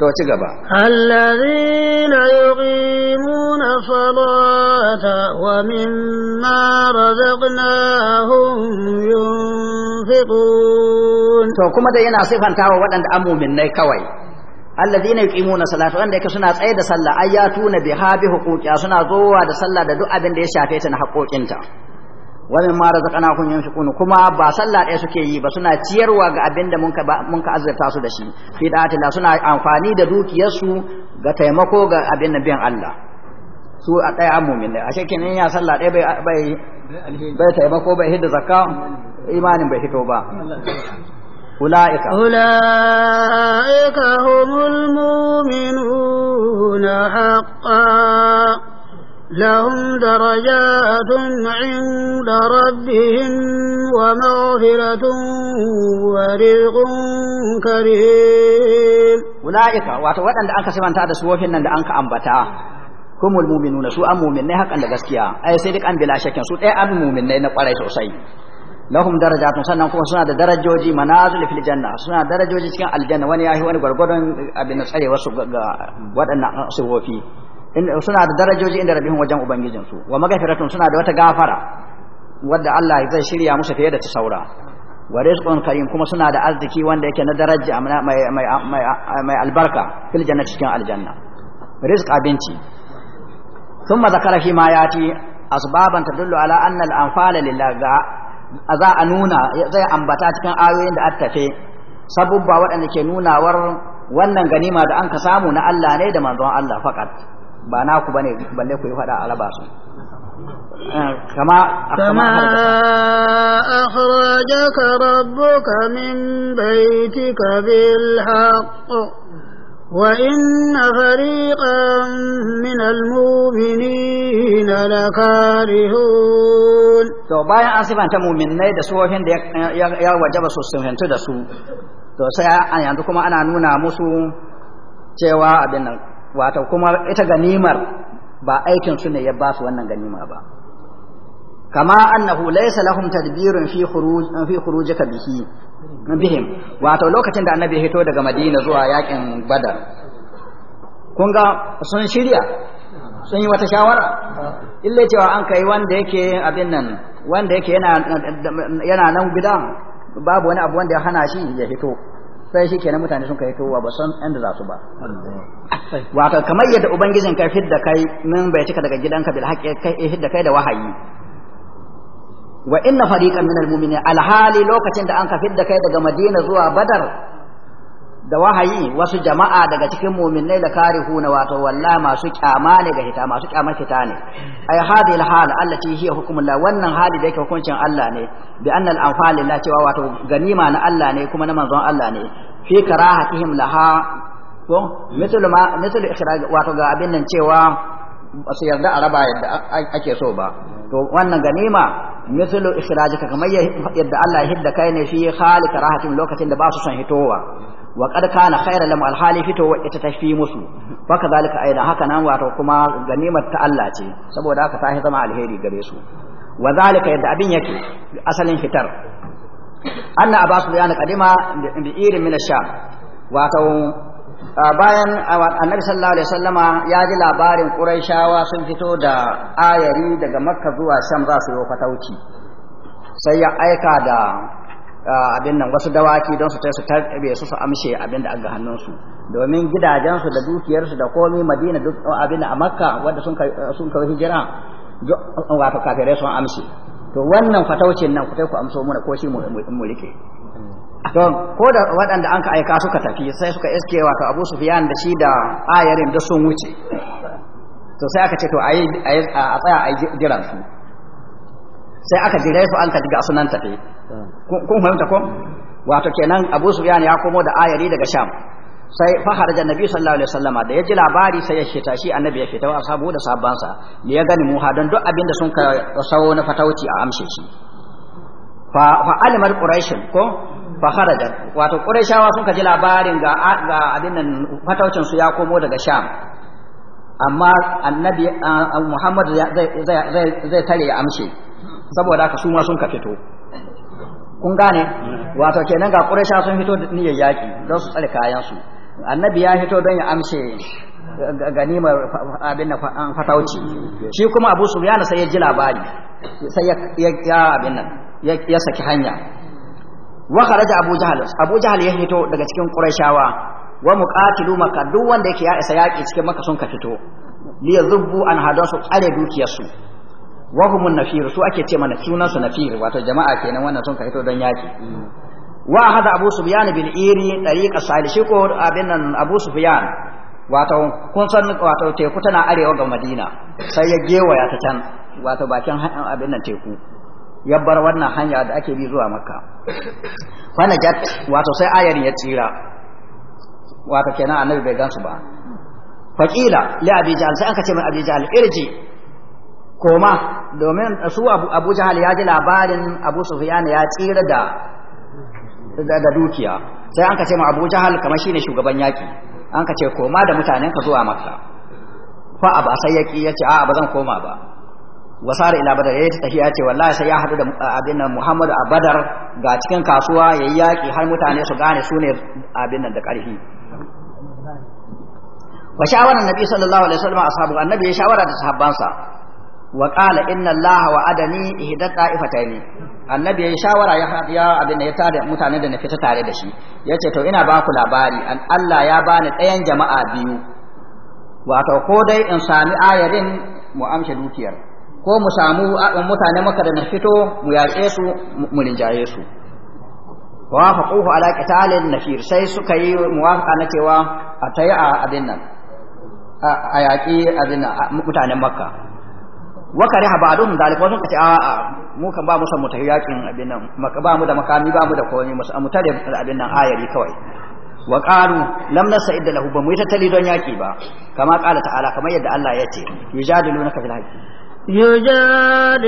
to ci gaba allazina yuqimuna salata wa mimma razaqnahum yunfiqun to kuma da yana wa waɗanda muminnai kawai allazina yuqimuna salata wanda yake suna tsaye da sallah ayatuna biha bi huquqiha suna zowa da sallah da duk abin da ya shafe ta na haƙoƙinta wani ma razaqana kun shukunu kuma ba sallah ɗaya suke yi ba suna ciyarwa ga abin da munka ka azurta su da shi fi da'atilla suna amfani da dukiyarsu ga taimako ga abin da biyan Allah su a ɗaya an mu'minai ashe kenan ya sallah ɗaya bai bai bai taimako bai hidda zakka imanin bai fito ba أولئك أولئك هم المؤمنون حقا لهم درجات عند ربهم ومغفرة ورزق كريم أولئك واتوات أن أنك سبحانه تعالى سوفين أن أنك أنبتا هم المؤمنون سوء مؤمنين حقا لغسكيا أي سيدك أن بلا شك سوء أي المؤمنين نقوالي سوسي lahum darajatun sannan kuma suna da darajoji manazil fil janna suna darajoji cikin aljanna wani yahi wani gwargwadon abin tsare wasu ga waɗannan sifofi suna da darajoji inda rabihun wajen ubangijinsu wa magafiratun suna da wata gafara wadda Allah zai shirya musu fiye da ta saura wa rizqun karim kuma suna da arziki wanda yake na daraja mai albarka fil jannati cikin aljanna rizq abinci thumma zakara fi ma yati asbaban tadullu ala anna al anfala lillah za a nuna zai ambata cikin ayoyin da attafe sabubba waɗanda ke nunawar wannan ganima da an ka samu na Allah ne da manzon Allah faqat ba naku bane balle ku yi fada a raba su كما كما أخرجك ربك من بيتك بالحق وإن فريقا من المؤمنين لكارهون to bayan an sifanta mu'minnai da sufofin da ya wajaba su hantu da su to sai an yanzu kuma ana nuna musu cewa abin nan wato kuma ita ganimar ba aikin su ne ya ba su wannan ganima ba kama annahu laysa lahum tadbirun fi khuruj fi khurujika bihi bihim wato lokacin da annabi hito daga madina zuwa yakin badar kun ga sun shirya sun yi wata shawara illa cewa an kai wanda yake abin nan wanda yake yana yana nan gida babu wani abu wanda ya hana shi ya hito sai shi kenan mutane sun kai towa ba san inda za su ba wato kamar yadda ubangijin ka da kai min bai cika daga gidanka bil haqqi kai kai da wahayi wa inna fariqan min al mu'minin alhali lokacin da an ka da kai daga madina zuwa badar da wahayi wasu jama'a daga cikin muminai da karihuna wato wallahi masu kyama ne ga hita masu kyamar fita ne ai hadil hal allati hiya hukmullah wannan hali da yake hukuncin Allah ne bi anna al anfal lillah cewa wato ganima na Allah ne kuma na manzon Allah ne fi karahatihim laha ko misal ma misal ikhraj wato ga abin nan cewa su yarda a raba yadda ake so ba to wannan ganima misalu ikhrajika kamar yadda Allah ya hidda kai ne fi khali karahatin lokacin da ba su son hitowa wa qad kana khayran lam alhali fito wa ita tafi musu wa kadhalika aidan haka nan wato kuma ganimar ta Allah ce saboda haka ta zama alheri gare su wa zalika yadda abin yake asalin fitar anna abu sufyan qadima bi irin min ash wato bayan annabi sallallahu alaihi wasallama ya ji labarin quraishawa sun fito da ayari daga makka zuwa sham za su yi fatauci sai ya aika da abin nan wasu dawaki don su tai su tarbe su su amshe abin da aga hannunsu domin gidajensu da dukiyarsu da komai madina duk abin a makka wanda sun sun kawo hijira wato kafirai sun amshe to wannan fataucin nan ku tai ku amso muna ko shi mu mu rike to ko da waɗanda an ka aika suka tafi sai suka iske wato Abu Sufyan da shi da ayarin da sun wuce to sai aka ce to ayi a tsaya ayi jiran su sai aka jira su an ka diga sunan tafi kun fahimta ko wato kenan Abu Sufyan ya komo da ayari daga Sham sai fa haraja Nabi sallallahu alaihi wasallama da ya ji labari sai ya shita shi annabi ya fita wa ashabu da sahabbansa ne ya gani mu dan duk abinda sun ka sawo na fatauci a amshe shi fa fa alimar quraish ko fa haraja wato quraishawa sun ka ji labarin ga ga abin nan fataucin su ya komo daga Sham amma annabi Muhammad zai zai zai tare ya amshe saboda haka su ma sun ka fito kun gane wato kenan ga quraisha sun fito da niyyar yaƙi don su tsare kayan annabi ya fito don ya amshe ganimar abin da fatauci shi kuma abu yana sai ya ji labari sai ya abin nan ya saki hanya wa kharaja abu jahal abu jahal ya hito daga cikin quraishawa wa muqatilu maka duk wanda yake ya isa yaki cikin maka sun ka fito li yadhubbu an hadasu su tsare dukiyar humun nafir su ake ce mana sunan su nafir wato jama'a kenan wannan sun ka hito don yaki wa hada abu sufyan bil iri tariqa salih shi ko abin nan abu sufyan wato kun san wato teku tana arewa ga madina sai ya ya ta can wato bakin abin nan teku ya bar wannan hanya da ake bi zuwa makka fa jat wato sai ayarin ya tsira wato kenan annabi bai gansu ba faqila li abi jahl sai an ce mai abi jahl irji koma domin su abu jahal ya ji labarin abu sufyan ya tsira da da dukiya sai an ka ce ma abu jahal kamar shine shugaban yaki an ka ce koma da mutanen ka zuwa makka fa aba sai ya ce a'a ba zan koma ba wasara ila badar yayi tafiya ce wallahi sai ya hadu da abin nan muhammadu a badar ga cikin kasuwa yayi yaki har mutane su gane su ne abin nan da karfi wa shawaran nabi sallallahu alaihi wasallam ashabu annabi ya shawara da sahabbansa wa qala inna allaha wa'adani ihda ta'ifataini annabi ya yi shawara ya abin da ya tada mutane da na fita tare da shi ya ce to ina baku labari an Allah ya bani ɗayan jama'a biyu wato ko dai in sami ayarin mu amshe dukiyar ko mu samu mutane maka da na fito mu yaƙe su mu rinjaye su wa faquhu ala qitalin nafir sai suka yi muwafaqa na cewa a tayi a abin nan a yaƙi abin mutanen makka wa ba ba'dhum zalika wasu kace a mu kan ba mu san mutahi yakin abin nan ba mu da makami ba mu da komai mu mu tare abin nan ayari kawai wa qalu lam nasa'id lahu ba mu yi tattali don yaki ba kama qala ta'ala kamar yadda Allah ya ce yujadilunaka fil haqq يجادلونك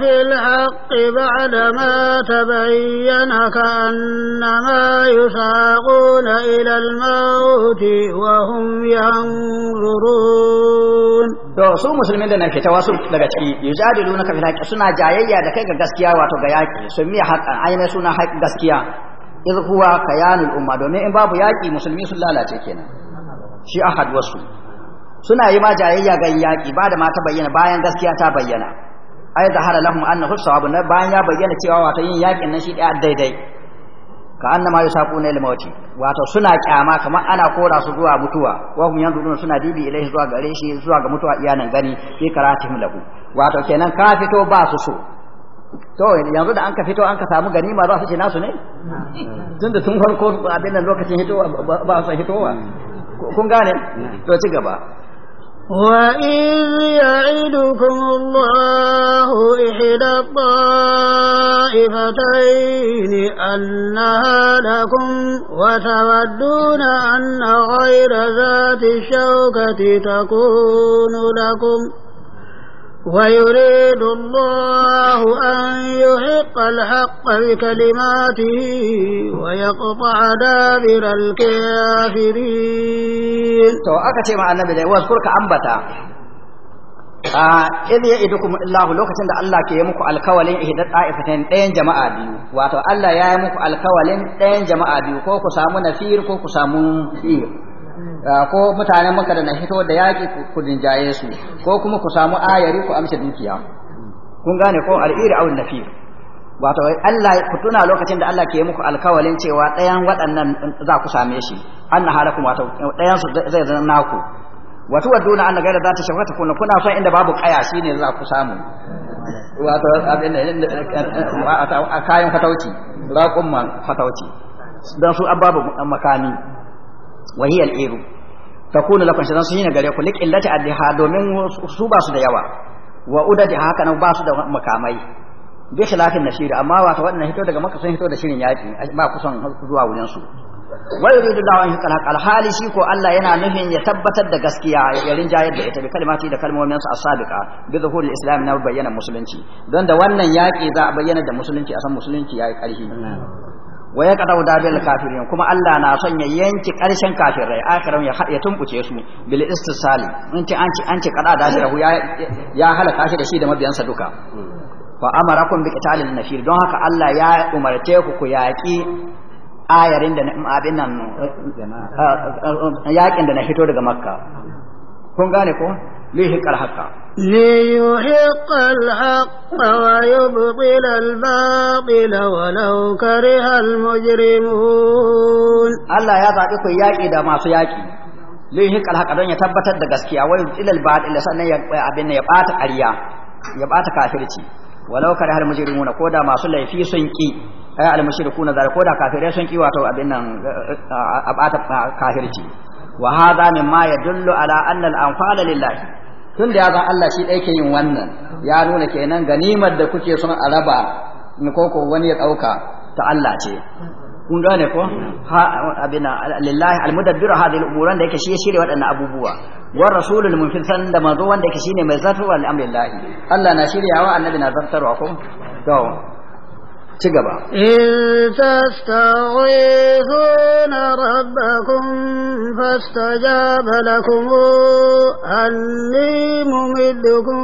في الحق بعدما تبين كأنما يساقون إلى الموت وهم ينظرون to su musulmin da nake tawa su daga ciki yujadilunaka fil haqqi suna jayayya da kai ga gaskiya wato ga yaki sun miya haqqan aina suna haqqi gaskiya iz huwa kayanul umma domin in babu yaki musulmi sun lalace kenan shi ahad wasu suna yi ma jayayya ga yaƙi ba da mata bayyana bayan gaskiya ta bayyana ai zahara lahum annahu sawabu na bayan ya bayyana cewa wato yin yaƙin nan shi ɗaya daidai ka annama yusaquna ila mawti wato suna kyama kamar ana kora su zuwa mutuwa wa hum yanzuruna suna dibi ilaihi zuwa gare shi zuwa ga mutuwa iyanan gani fi karatihim lahu wato kenan ka fito ba su so to yanzu da an ka fito an ka samu gani ma za su ce nasu ne tunda sun farko abin nan lokacin hitowa ba su hitowa kun gane to ci gaba وإذ يعدكم الله إحدى الطائفتين أنها لكم وتودون أن غير ذات الشوكة تكون لكم ويريد الله أن يحق الحق بكلماته ويقطع دابر الكافرين تو أكتب عن النبي ده واذكرك أنبتا إذ يئدكم الله لو كتند الله كي يمكو الكوالين إهدت آئفتين تين جماعة بيو واتو الله يا يمكو الكوالين تين جماعة بيو كوكو سامو نفير كوكو سامو إيه Ah, ko mutanen maka da na hito da yaƙi ku rinjaye su ko kuma ku samu ayari ku amsa dukiya kun gane ko al'iri awun nafi wato Allah ku tuna lokacin da Allah ke yi muku alkawalin cewa ɗayan waɗannan za ku same shi an na halakum wato ɗayan su zai zama naku wato waduna an gaira za ta shafata kuna kuna son inda babu kaya shine za ku samu wato abin a kayan fatauci raƙumman fatauci don su an babu makami wa hiya al-iru takunu lakum shaytan sun yi gare ku liqillati ad-diha domin su ba su da yawa wa udadi haka nan ba su da makamai bi khilafin nashiri amma wata wannan hito daga maka sun hito da shirin yaƙi ba kusan zuwa wurin su wa yuridu Allahu an al-hali shi ko Allah yana nufin ya tabbatar da gaskiya ya rinjayar da ita bi kalmati da kalmomin su as-sabiqa bi zuhur al-islam na bayyana musulunci don da wannan yaki za a bayyana da musulunci a san musulunci yayi karfi wa ya da bil kafirin kuma Allah na son ya yanki karshen kafirai akhiran ya ya tumbuce su bil istisali in ci an ci an ci kada da shi ya ya halaka shi da shi da mabiyansa duka wa amarakum bi qitalin nafir don haka Allah ya umarce ku ku yaki ayarin da abin nan yakin da na hito daga makka kun gane ko ليحق الحق ليحق الحق ويبطل الباطل ولو كره المجرمون الله يا ذاك ياقي da masu yaki lihik alhaqa don ya tabbatar da gaskiya wa yubtilal batil sannan ya abin ya bata ƙarya ya bata kafirci walau kare hal mujrimun ko da masu laifi sun ki ay al mushrikun ko da kafirai sun ki wato abin nan a lillahi tun da ya zan Allah shi ɗaya ke yin wannan ya nuna kenan ganimar da kuke son a raba ko ko wani ya ɗauka ta Allah ce kun gane ko ha abina lillahi almudabbiru hadhihi al-umuran da yake shi shirye waɗannan abubuwa wa rasulul munfil san da manzo wanda yake shine mai zartarwa al-amrillahi Allah na shiryawa annabi na zartarwa ko to ci gaba in tastaghithuna rabbakum fastajaba lakum anni mumiddukum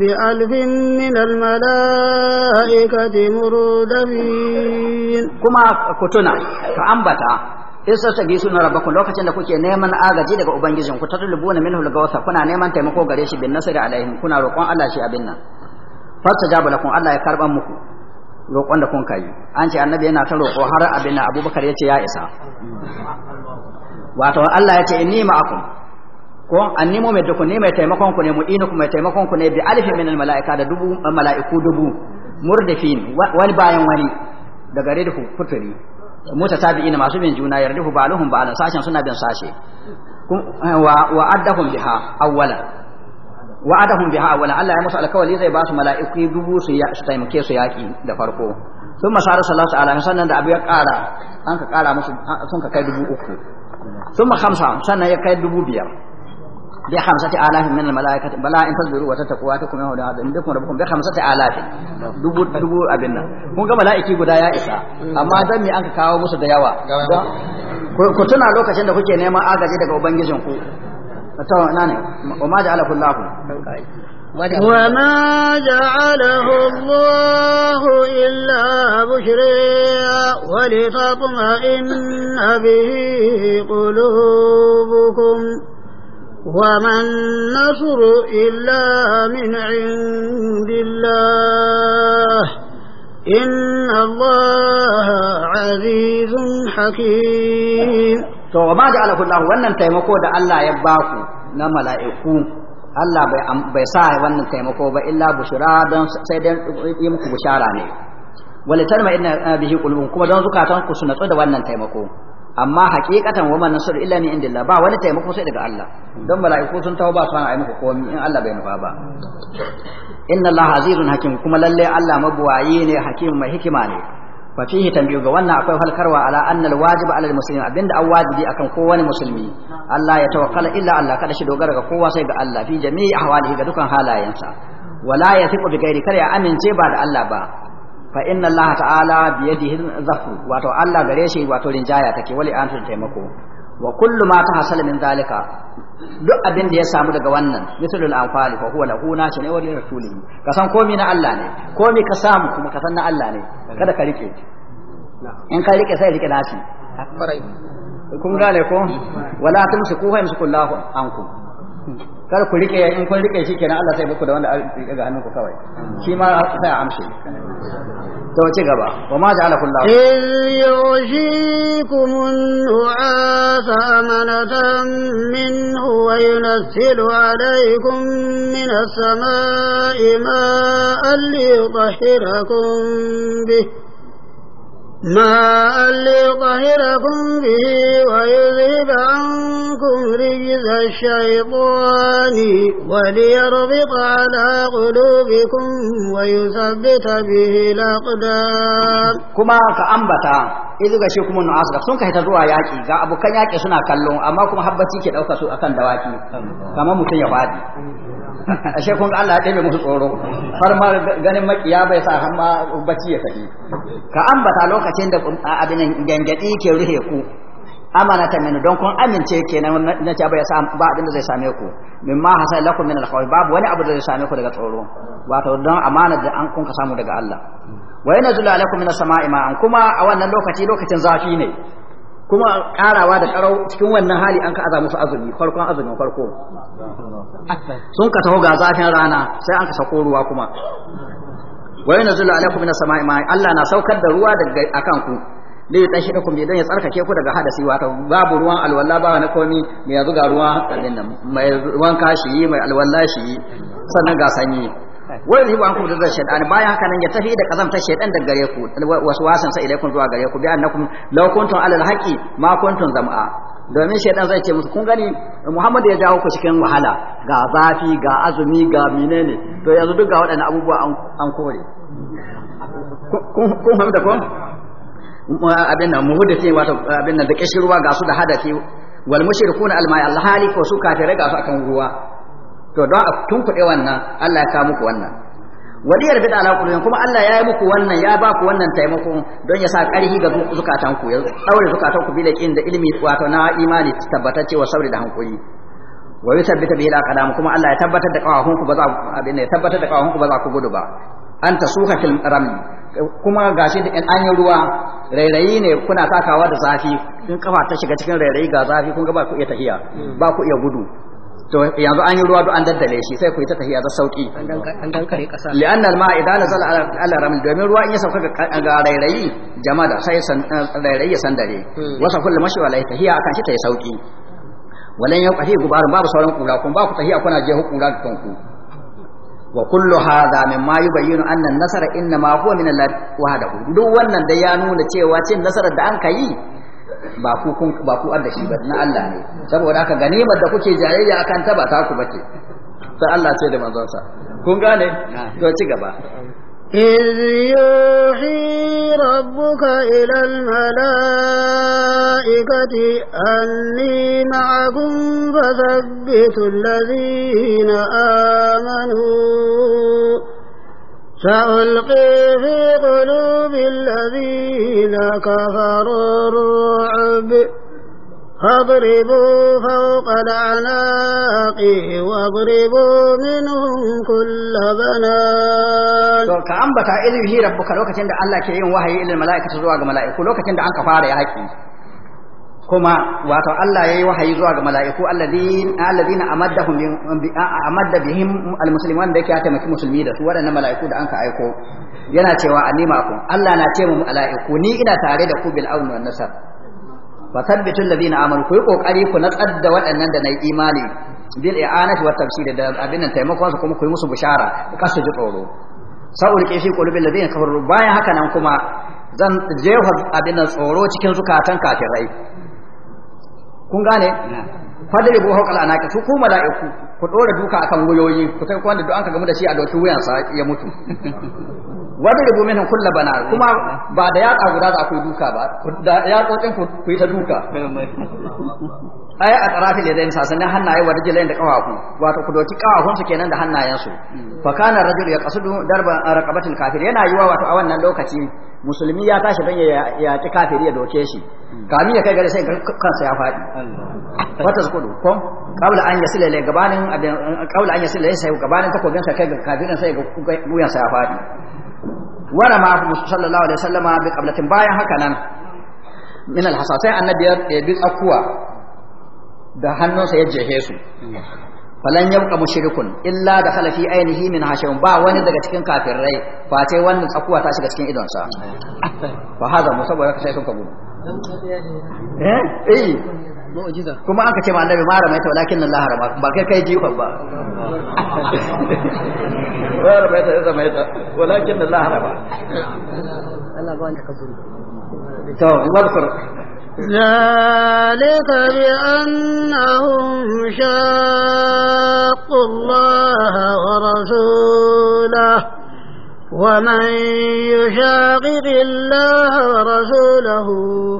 bi alfin min al malaikati murdamin kuma ku ka ambata in sassa gi suna rabakun lokacin da kuke neman agaji daga ubangijin ku tatlubuna minhu lagawsa kuna neman taimako gare shi bin nasri alaihim kuna roƙon Allah shi abin nan fasta jaba lakum Allah ya karban muku roƙon da kun kayi an ce annabi yana ta roƙo har abin abubakar ya ce ya isa wato Allah ya ce inni ma'akum ko anni mu mai dukun ne mai taimakon ku ne mu inu ku mai taimakon ku ne bi alfi min al malaika da dubu eh, malaiku dubu murdafin wani bayan wani da gare da ku kuturi mota tabi'ina masu bin juna yarduhu ba'aluhum ba'alan sashen suna bin sashe eh, wa wa addahum biha awwalan wa'adahum biha awwala Allah ya musu alƙawari zai ba su mala'iku dubu su ya taimake su yaki da farko sun masara sallallahu ta'ala sannan da abu ya ƙara an ka ƙara musu sun ka kai dubu uku sun ma hamsa sannan ya kai dubu biyar bi hamsati alafin min almalaikati bala in tasbiru wa tattaqu wa takum yahudu hadin dukum rabbukum bi hamsati alafin dubu dubu abin nan kun ga mala'iki guda ya isa amma dan me an ka kawo musu da yawa ku tuna lokacin da kuke neman agaji daga ubangijinku وما جعله الله وما جعله الله إلا بشرى ولتطمئن به قلوبكم وما النصر إلا من عند الله إن الله عزيز حكيم to wa ma ja'alahu Allah wannan taimako da Allah ya baku na mala'iku Allah bai bai sa wannan taimako ba illa bushra don sai dan yi muku bushara ne walitar ma inna bihi qulubun kuma don zukatan ku su natsu da wannan taimako amma haƙiƙatan wa man nasr illa min indillah ba wani taimako sai daga Allah don mala'iku sun tawo ba su yi muku komai in Allah bai nufa ba inna Allah azizun hakim kuma lalle Allah mabuwayi ne hakim mai hikima ne fa fihi tambiyu ga wannan akwai halkarwa ala anna alwajib ala almuslim abinda an wajibi akan kowane musulmi Allah ya tawakkala illa Allah kada shi dogara ga kowa sai ga Allah fi jami'i ahwalihi ga dukan halayensa wala yathiqu bi ghairi kada ya amince ba da Allah ba fa inna Allah ta'ala bi yadihi zafu wato Allah gare shi wato rinjaya take wali antul taimako wa kullu ma tahasala min zalika duk abin da ya samu daga wannan misalul anfali fa huwa lahu na shine wali rasulihi ka san komi na Allah ne komi ka samu kuma ka san na Allah ne kada ka rike in ka rike sai rike nashi kun gane ko wala tumsiku fa yamsiku Allahu ankum kar ku rike in kun rike shi kenan Allah sai muku da wanda rike ga hannunku kawai shi ma sai a amshe to ci gaba wa ma ja'ala kullahu iz yushikum nu'asa amanatan minhu wa yunzilu alaykum min as-sama'i ma'an liyutahhirakum bihi ما ليطهركم da ويذهب عنكم رجز الشيطان وليربط على قلوبكم ويثبت به الأقدام كما كأنبتا idan ga shi kuma nu'as ga sun kai ta zuwa yaki ga abokan yaki suna kallon amma kuma habbaci ke dauka su akan dawaki kamar mutum ya fadi ashe kun ga Allah ya ɗebe musu tsoro har ma ganin makiya bai sa har ma bacci ya tafi ka ambata lokacin da abin gangadi ke ruhe ku amana ta don kun amince kenan na ce bai sa ba abin da zai same ku min ma hasa lakum min al-khawf babu wani abu da zai same ku daga tsoro wato don amana da an kun ka samu daga Allah wa yanzulu alaikum min as-sama'i ma'an kuma a wannan lokaci lokacin zafi ne kuma karawa da karau cikin wannan hali an ka aza musu azumi farkon azumin farko sun ka taho ga zafin rana sai an ka sako ruwa kuma na yanzulu alaikum minas sama'i ma'i Allah na saukar da ruwa daga akan ku da ya tashi ku don ya tsarkake ku daga hadasi wato babu ruwan alwala ba na komi Me ya ga ruwa mai ruwan kashi mai alwala shi sannan ga sanyi wa yuzhibu ankum da shaytan bayan haka nan ya tafi da kazamta shaytan daga gare ku wasan sa ilaikum zuwa gare ku bi annakum law kuntum alal haqi ma kuntum zam'a domin shaytan zai ce musu kun gani Muhammad ya jawo ku cikin wahala ga zafi ga azumi ga menene to yanzu duk ga waɗannan abubuwa an kore kun hamda ko abin nan ce wato abin nan da kishirwa ga su da hadafi wal mushrikuna almai alhali ko su kafirai ga su akan ruwa to don a tunkuɗe wannan Allah ya kawo muku wannan waliyar bid'a na kullun kuma Allah ya yi muku wannan ya ba ku wannan taimako don ya sa ƙarfi ga zukatanku ya daure zukatanku bi da da ilimi wato na imani tabbatacce cewa sauri da hankali wa yuthabbita bihi al-aqdam kuma Allah ya tabbatar da kawahunku ba za abin ya tabbatar da kawahunku ba za ku gudu ba an suka fil ram kuma gashi da an yi ruwa rairayi ne kuna takawa da zafi in kafa ta shiga cikin rairayi ga zafi kun ga ba ku iya tahiya ba ku iya gudu to yanzu an yi ruwa duk an daddale shi sai ku yi ta tafiya da sauki an dankare kasa li'anna al-ma idan nazal ala raml domin ruwa in ya sauka ga rairayi jama'a sai san rairayi ya sandare hmm. wasa kullu mashi wala tahiya akan shi ta yi sauki walan ya qahi gubarun babu sauran kura kun ba ku tahiya kuna je hukura da kanku wa kullu hadha mimma yubayyinu anna an-nasara ma huwa min Allah wahdahu duk wannan da ya nuna cewa cin nasarar da an kai ba ku kun ba ku Allah shi ba na Allah ne saboda haka ganimar da kuke jayayya akan ta ba ta ku bace sai Allah ce da sa kun gane to ci gaba إذ يوحي ربك إلى الملائكة أني معكم فثبتوا الذين آمنوا فألقي في قلوب الذين كفروا الرعب فاضربوا فوق الأعناق واضربوا منهم كل بنات. كأنبتا إذ يهي ربك لوكة عند الله كيئن وهي إلى الملائكة تزوى الملائكة لوكة عند أنك فاري حكي kuma wato Allah ya yi wahayi zuwa ga mala'iku alladhin alladhina amaddahum amadda bihim almuslimin da yake ya taimaki musulmi da su waɗannan mala'iku da ka aiko yana cewa anima ku Allah na ce mu mala'iku ni ina tare da ku bil aun wan nasar fa thabbitu alladhina amanu ku yi kokari ku natsar da waɗannan da nayi imani bil i'anati wa tafsir da abin nan taimakon su kuma ku yi musu bishara kasu ji tsoro sa'ulqi fi qulubil ladina kafaru bayan haka nan kuma zan jefa abin nan tsoro cikin zukatan kafirai kun gane fadari bu na anaqi su ku mala'iku ku dora duka akan wuyoyi ku kai wanda duk an ka gamu da shi a doki sa ya mutu wadribu minhum kull bana kuma ba da yatsa guda za ku duka ba da yatsocin ku yi ta duka ai a tarafi da zai sasannin hannaye wa rijilain da kafafu wato ku doki kafafun su kenan da hannayen su fa kana rajul ya qasudu darban raqabatil kafir yana yiwa wato a wannan lokaci musulmi ya tashi dan ya ki kafiri ya doke shi kami ya kai gare sai kansa ya faɗi wata zukudu ko kabla an yasila ilai gabanin kabla an yasila ilai sai gabanin takobin sa kai ga kafirin sai ga guyan sa ya faɗi wara ma sallallahu alaihi wasallama bi qablatin bayan haka nan min alhasa sai annabi ya bi tsakuwa da hannunsa ya jehe su falan yabqa mushrikun illa da khala fi ainihi min hashim ba wani daga cikin kafirai fa sai wannan tsakuwa ta shiga cikin idonsa fa hada mu saboda sai sun kabu eh eh mu'jiza kuma aka ce ma annabi ma ramaita walakin Allah harama ba kai kai ba wa ramaita ya ramaita walakin Allah harama Allah ba wanda ka zuri to wadkur ذلك بأنهم شاقوا الله ورسوله ومن يشاقق الله ورسوله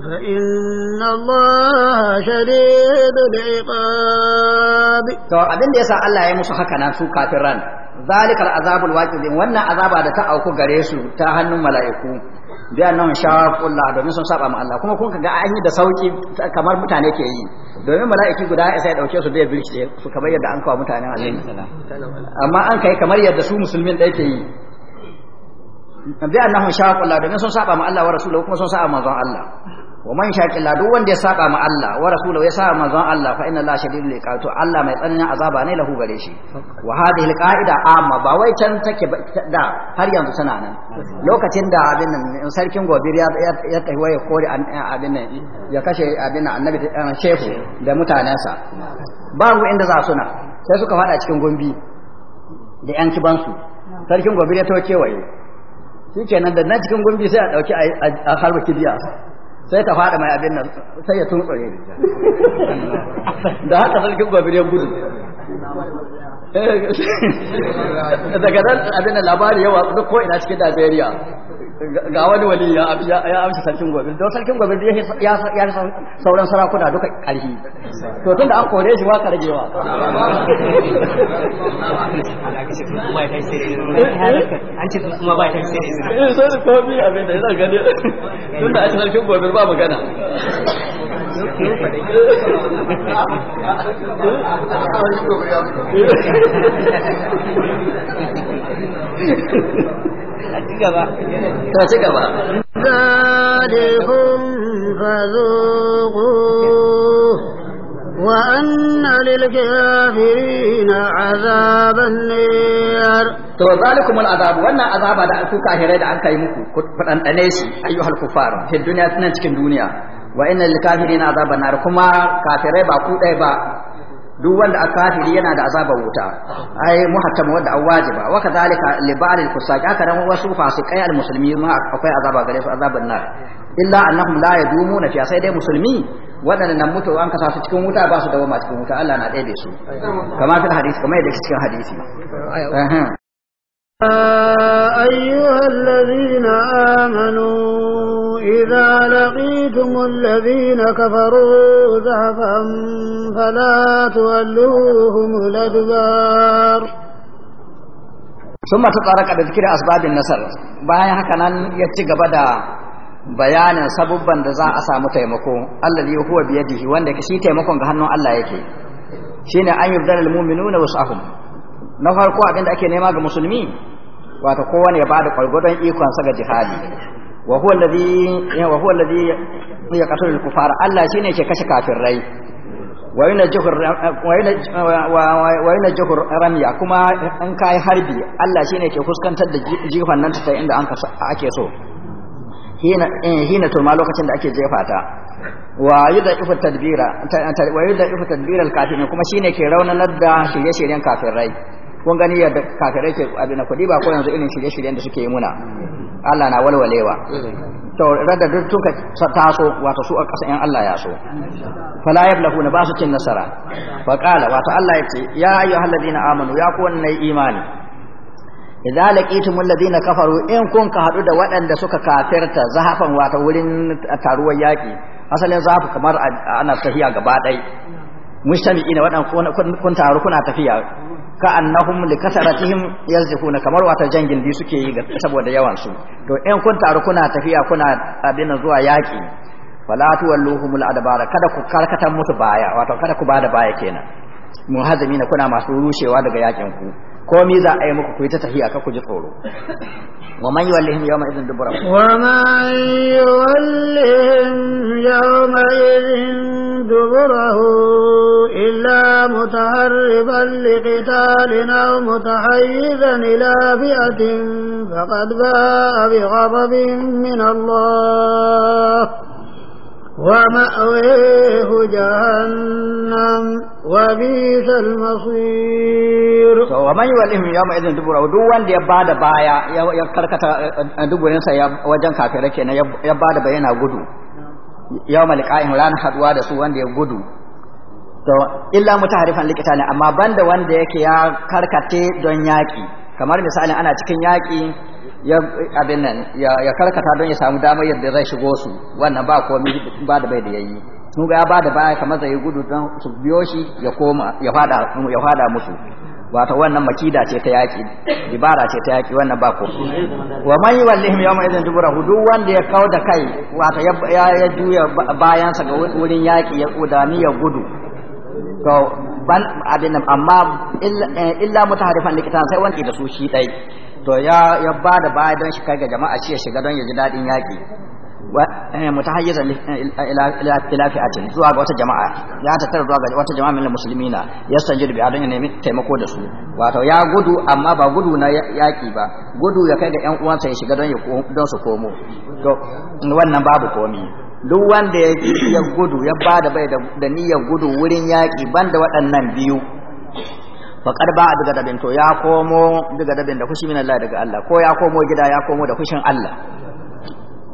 فإن الله شديد العقاب to abin da yasa Allah ya musu haka nan su kafiran zalikal azabul waqid wannan azaba da ta auku gare su ta hannun mala'iku bi annahum shaqullah domin sun saba ma Allah kuma kun ga an yi da sauki kamar mutane ke yi domin mala'iki guda sai ya dauke su zai birkice su kamar yadda an kawo mutanen alaihi amma an kai kamar yadda su musulmin da yake yi bi annahum shaqu Allah domin sun saba ma Allah wa rasulahu kuma sun saba manzon Allah wa man shaqi Allah duk wanda ya saba ma Allah wa rasulahu ya saba manzon Allah fa inna Allah shadidul iqab to Allah mai tsananin azaba ne lahu gare shi wa hadhihi alqaida amma ba wai can take da har yanzu tana nan lokacin da abin nan sarkin gobir ya ya kai waye kore abin nan ya kashe abin nan annabi eh, shehu da mutanensa mu inda za su na sai suka fada cikin gombi da yan kibansu sarkin gobir ya tawo kewaye shikenan da na cikin gumbi sai a dauki a harba kibiya sai ta fada mai abin nan sai ya tuntsure da haka sarkin babir ya gudu eh, daga nan abin da labari yawa duk ko ina cikin Najeriya ga wani wali ya ya amsa sarkin gobe don sarkin gobe ya ya sauran sarakuna duka ƙarfi to tun da an kore shi ba ka ragewa an ce kuma ba ta sai da sai da komi abin da yana gani tun da a sarkin gobe ba magana Thank you. to ci gaba zalikum fadhuquh wa anna lil azaban nar to zalikum al azab wannan azaba da ku kafirai da an kai muku ku fadandane shi ayyuhal kufar fi duniya tunan cikin duniya wa inna lil kafirina azaban nar kuma kafirai ba ku dai ba duk wanda a kafiri yana da azabar wuta ai muhattama wanda an wajiba wa kadhalika li ba'd al fusaqi haka nan wasu fasikai al muslimi ma akwai azaba gare su azabar nar illa annahum la na fi sai dai musulmi waɗanda nan mutu an kasa cikin wuta ba su dawo ma cikin wuta Allah na daide su kamar fil hadisi kamar yadda cikin hadisi ayyuhal ladina amanu لقيتم الذين كفروا زحفا فلا تولوهم الأدبار ثم تطرق bayan haka nan ya ci gaba da bayanin sabubban da za a samu taimako allazi huwa biyadihi wanda shi taimakon ga hannun Allah yake shine an yubdal almu'minuna wasahum na farko abinda ake nema ga musulmi wato kowane ya bada kwalgwadon ikon sa ga jihadi wa huwa alladhi wa huwa alladhi yaqtulu al-kuffar Allah shine ke kashe kafirai wa yana juhur wa yana juhur ramiya kuma an kai harbi Allah shine ke fuskantar da jifan nan ta inda an ake so hina eh, hina turma lokacin da ake jefa ta wa yada ifa tadbira wa yada ifa tadbira al kuma shine ke raunanar da shirye-shiryen kafirai kun gani yadda kafirai ke abin kudi ba ko yanzu irin shirye-shiryen da suke yi muna Allah na walwalewa mm. to rada duk tun ka taso wato su a ƙasa in Allah ya so fala yablahuna ba su cin nasara fa qala wato Allah yace ya ayyuhal ladina amanu ya ku wannan imani idza laqitum alladhina kafaru in kun ka hadu da waɗanda suka kafirta zahafan wato wurin taruwar yaki asalin zafu kamar ana tafiya gaba ɗaya mustami'ina waɗanda kun taru kuna tafiya ka annahum li kasaratihim yazifuna kamar wata jangin bi suke yi saboda yawan su to in kun taru kuna tafiya kuna abin zuwa yaki fala tuwalluhumul adbara kada ku karkatan musu baya wato kada ku bada baya kenan muhazimi na kuna masu rushewa daga yakin ku mi za a yi muku ku ta tafiya ka ku ji tsoro wa man yuwallihim yawma idin dubura wa man yuwallihim yawma idin dubura متهربا لقتال أو متحيزا إلى فئة فقد باء بغضب من الله ومأويه جهنم وبئس المصير ومن يولهم يومئذ دبره duk wanda ya bada baya ya karkata duburinsa wajen kafirai kenan ya bada bayana gudu yawmal qa'im ranar haduwa da su wanda ya gudu to illa mutaharifan likita ne amma banda wanda yake ya karkate don yaƙi kamar misalin ana cikin yaƙi ya abin nan ya karkata don ya samu damar yadda zai shigo su wannan ba komai ba da bai da yayi mu ga ba da ba kamar zai gudu don su biyo shi ya koma ya fada ya fada musu wato wannan makida ce ta yaƙi ibara ce ta yaƙi wannan ba ko wa man yuwallihim yawma idan dubura hudu wanda ya kauda kai wato ya ya juya bayansa ga wurin yaƙi ya kudani ya gudu to ban abin amma illa eh, mutaharifan likitan sai wanki da su shi dai to ya ya ba da baya don shi kai ga jama'a shi ya shiga don ya ji dadin yaki eh, mutahayyiza eh, ila fi'atin zuwa ga wata jama'a ya tattara zuwa ga wata jama'a min musulmina sanje da adon ya nemi taimako da su wato ya gudu amma ba gudu na yaki ba gudu ya kai ga yan uwansa ya shiga don ya don su komo to wannan babu komi duk wanda ya gudu ya ba da bai da niyyar gudu wurin yaƙi banda waɗannan biyu faƙar ba a daga dabin to ya komo daga dabin da kushi min Allah daga Allah ko ya komo gida ya komo da kushin Allah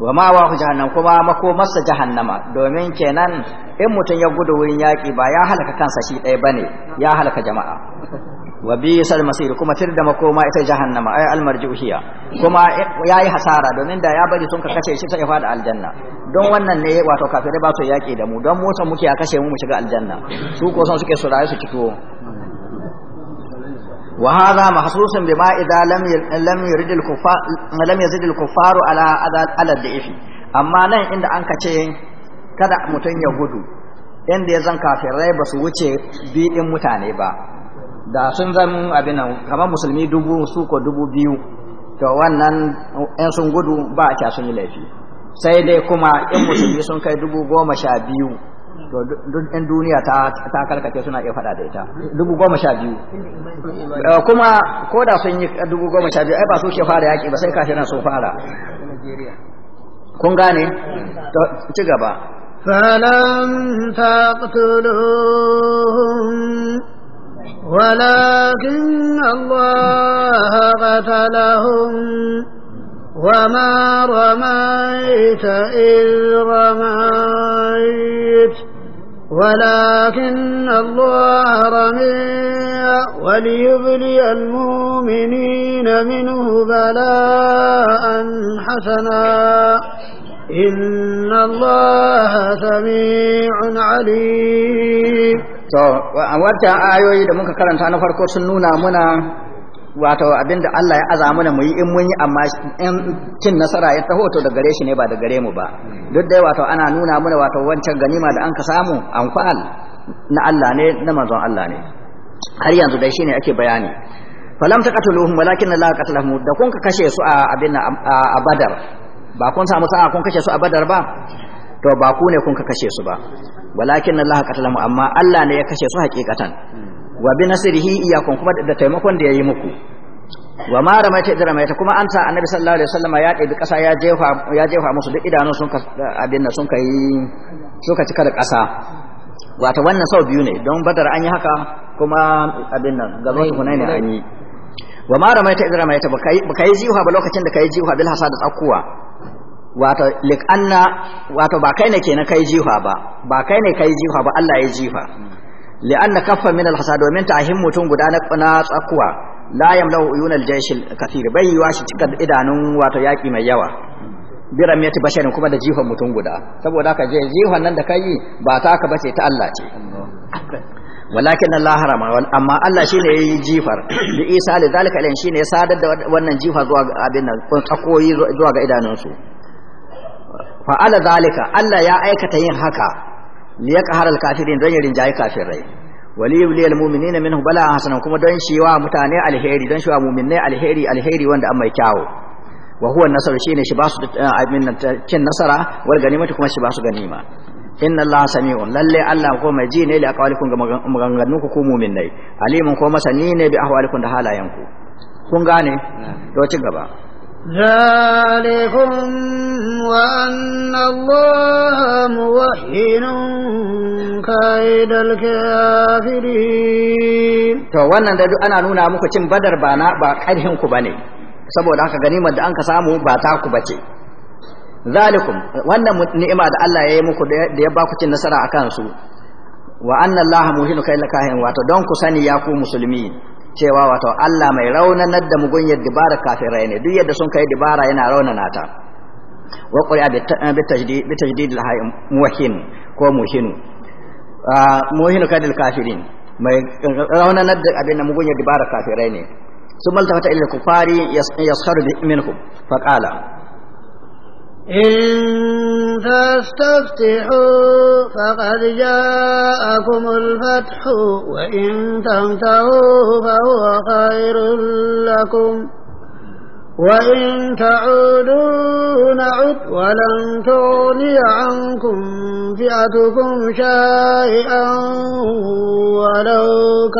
wa ma wa jahannam kuma masa jahannama domin kenan in mutum ya gudu wurin yaƙi ba ya halaka kansa shi ɗaya bane ya halaka jama'a wa sal masir kuma tir da makoma ita jahannama ay al marjuhiya kuma yayi hasara domin da ya bari sun ka kace shi sai fada aljanna don wannan ne wato kafirai ba su yaki da mu don motsa muke ya kashe mu mu shiga aljanna su ko san suke su rayu su ciko wa hadha mahsusun bima idza lam lam yurid al kufar lam yazid al kufar ala ala amma nan inda an kace kada mutun ya gudu inda ya zan kafirai ba su wuce bidin mutane ba da sun zan abin nan kamar musulmi dubu su ko dubu biyu to wannan in sun gudu ba a sun yi laifi sai dai kuma in musulmi sun kai dubu goma sha biyu to in duniya ta ta karkace suna iya faɗa da ita dubu goma sha biyu eh, kuma ko da sun yi dubu goma sha biyu ai ba su ke fara yaƙi ba sai nan sun fara kun gane to ci gaba فلم تقتلوهم ولكن الله قتلهم وما رميت إذ رميت ولكن الله رمي وليبلي المؤمنين منه بلاء حسنا إن الله سميع عليم to wancan ayoyi da muka karanta na farko sun nuna muna wato abinda Allah ya aza mana mu yi in mun yi amma in cin nasara ya taho to da gare shi ne ba da gare mu ba duk dai wato ana nuna mana wato wancan ganima da an ka samu anfal na Allah ne na manzon Allah ne har yanzu dai shine ake bayani falam taqatuluhum walakin Allah qatalahum da kun ka kashe su a abin a badar ba kun samu sa'a kun kashe su a badar ba to ba ku ne kun ka kashe su ba walakin Allah qatalamu amma Allah ne ya kashe su haqiqatan wa bi nasrihi iyakum kuma da taimakon da yayi muku wa ma ramaita da ramaita kuma an sa annabi sallallahu alaihi wasallama ya ɗebi ƙasa ya jefa ya jefa musu duk idanun sun abin nan sun kai suka cika da ƙasa wato wannan sau biyu ne don badar an yi haka kuma abin nan gaban ne an yi wa ma ramaita da ramaita ba kai jiwa ba lokacin da kai jiwa bil hasa da tsakuwa wato anna wato ba kai ne ke na kai jifa ba ba kai ne kai jifa ba Allah ya jifa anna kaffa min alhasad hasa domin tahin mutum guda na tsakuwa la yamlau uyun al-jaysh bai yi shi cika idanun wato yaki mai yawa biram yati basharin kuma da jifa mutum guda saboda haka je jifan nan da kai ba ta ka bace ta Allah ce walakin Allah harama amma Allah shine yayi jifar bi Isa lidalika ilayhi shine ya sadar da wannan jifa zuwa abin nan tsakoyi zuwa ga idanunsu fa'ala zalika Allah ya aikata yin haka li yaqharal kafirin don ya rinjaye kafirai wali yuli al mu'minina minhu bala hasana kuma don shi wa mutane alheri don shi wa mu'minai alheri alheri wanda an mai kyawo wa huwa nasar shine shi basu eh, abin cin nasara wal ganimatu kuma shi basu ganima inna allaha sami'un lalle allah ko mai ji ne li aqwalikum ga maganganun ku ku mu'minai alimun ko masani ne bi ahwalikum da halayen ku kun gane to ci gaba ذلكم وأن الله موحن كيد الكافرين to wannan da duk ana nuna muku cin badar ba na ba karhin ku bane saboda haka ganimar da an samu ba ta ku bace zalikum wannan ni'ima da Allah ya yi muku da ya ba ku cin nasara akan su wa anna Allah muhinu kayla kahin wato don ku sani ya ku musulmi cewa wato Allah mai raunanar da mugunyar dibara kafirai ne duk yadda sun kai dibara yana raunana ta wa qur'a bi tajdid al muhin ko muhin ah, muhinu kadil kafirin mai raunanar da abin da mugunyar dibara kafirai ne sun maltafata ila kufari yaskharu minhum qala إن تستفتحوا فقد جاءكم الفتح وإن تنتهوا فهو خير لكم وإن تعودوا نعد ولن تغني عنكم فئتكم شيئا ولو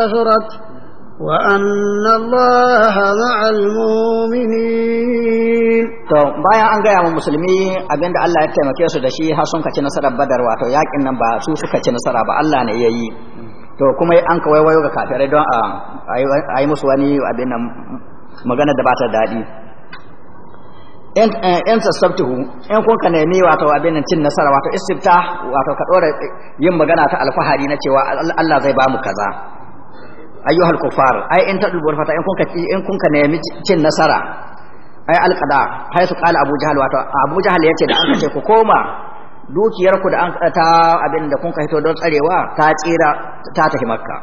كثرت وأن الله مع المؤمنين to bayan an gaya wa musulmi abinda Allah ya taimake su da shi har sun kaci nasarar badar wato yakin nan ba su suka ci nasara ba Allah ne yayi to kuma an ka waiwayo ga kafirai don a yi musu wani abin nan magana da ba ta daɗi in eh, sassabtuhu in kun ka nemi wato abin nan cin nasara wato istifta wato ka ɗora yin magana ta alfahari na cewa Allah zai ba mu kaza ayyuhal kufar ai in tadulbul fata in kun ka in kun ka nemi cin nasara ai alqada hay su qala abu jahal wato abu jahal yace da an kace ku koma dukiyar ku da an ta abin da kun ka hito don tsarewa ta tsira ta tafi makka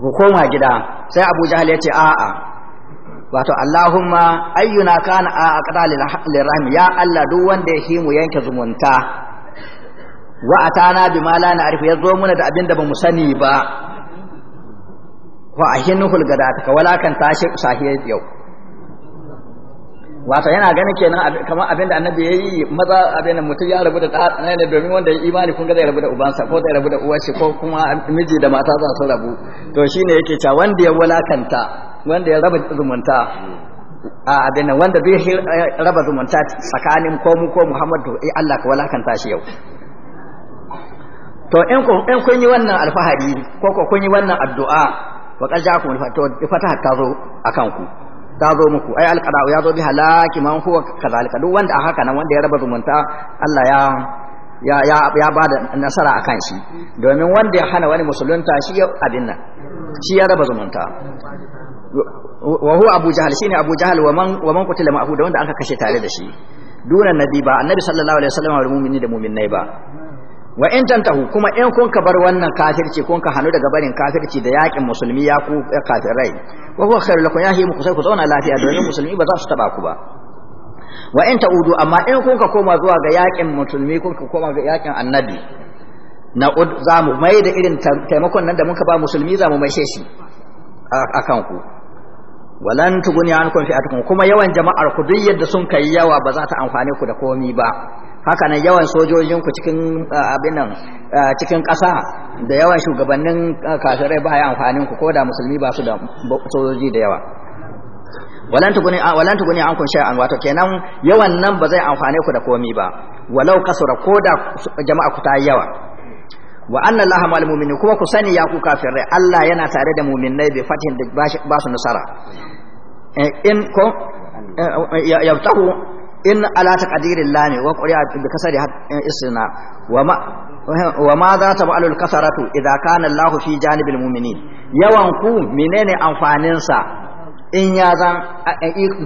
ku koma gida sai abu jahal yace a'a wato allahumma ayyuna kana a aqda lirahim ya allah duk wanda ya mu yanke zumunta wa atana bima la arifu yazo muna da abin da bamu sani ba wa ahinuhul gada ka kan shi sahiya yau wato yana ganin kenan kamar abin da annabi yayi maza abin da mutum ya rabu da ɗa ne domin wanda ya imani kun ga zai rabu da ubansa ko zai rabu da uwarsa ko kuma miji da mata za su rabu to shine yake cewa wanda ya walakanta wanda ya raba zumunta a abin nan wanda zai raba zumunta tsakanin ko mu ko Muhammadu eh Allah ka walakanta shi yau to in kun yi wannan alfahari ko ko kun yi wannan addu'a wa qad ja'akum al-fataha ta zo akan ku ta zo muku ai al ya zo bi halaki man huwa kadhalika duk wanda a haka nan wanda ya raba zumunta Allah ya ya ya ya bada nasara akan shi domin wanda ya hana wani musulunta shi ya abin nan shi ya raba zumunta wa huwa abu jahal shine abu jahal wa man wa man qutila ma'ahu da wanda aka kashe tare da shi dunan nabi ba annabi sallallahu alaihi wasallam wa mu'mini da mu'minnai ba wa in tantahu kuma in kun ka bar wannan kafirci kun ka hanu daga barin kafirci da yakin musulmi ya ku kafirai wa huwa khairu lakum yahi muku sai ku zauna lafiya domin musulmi ba za su taba ku ba wa in ta'udu amma in kun ka koma zuwa ga yakin musulmi kun ka koma ga yakin annabi na za mu mai da irin taimakon nan da muka ba musulmi za mu maishe shi a ku walan tuguni fi fi'atukum kuma yawan jama'ar ku duk yadda sun kai yawa ba za ta amfane ku da komi ba haka nan yawan sojojinku cikin ah, abin nan ah, cikin ƙasa da yawan shugabannin ah, kafirai ba ya amfanin ku ko da musulmi ba su da sojoji da yawa walan guni walan tukuni an kun an wato kenan yawan nan ba zai amfane ku da komi ba walau kasura ko da jama'a ku ta yawa wa anna allaha ma'al mu'minin kuma ku sani ya ku kafirai Allah yana tare da mu'minai bi fatihin da ba su nasara eh, in ko eh, yabtahu in ala taqdirin la ne wa qari'a bi kasari isna wa ma wa ma za ta ba'al kasaratu idza kana Allahu fi janibil mu'minin yawan ku menene amfanin sa in ya zan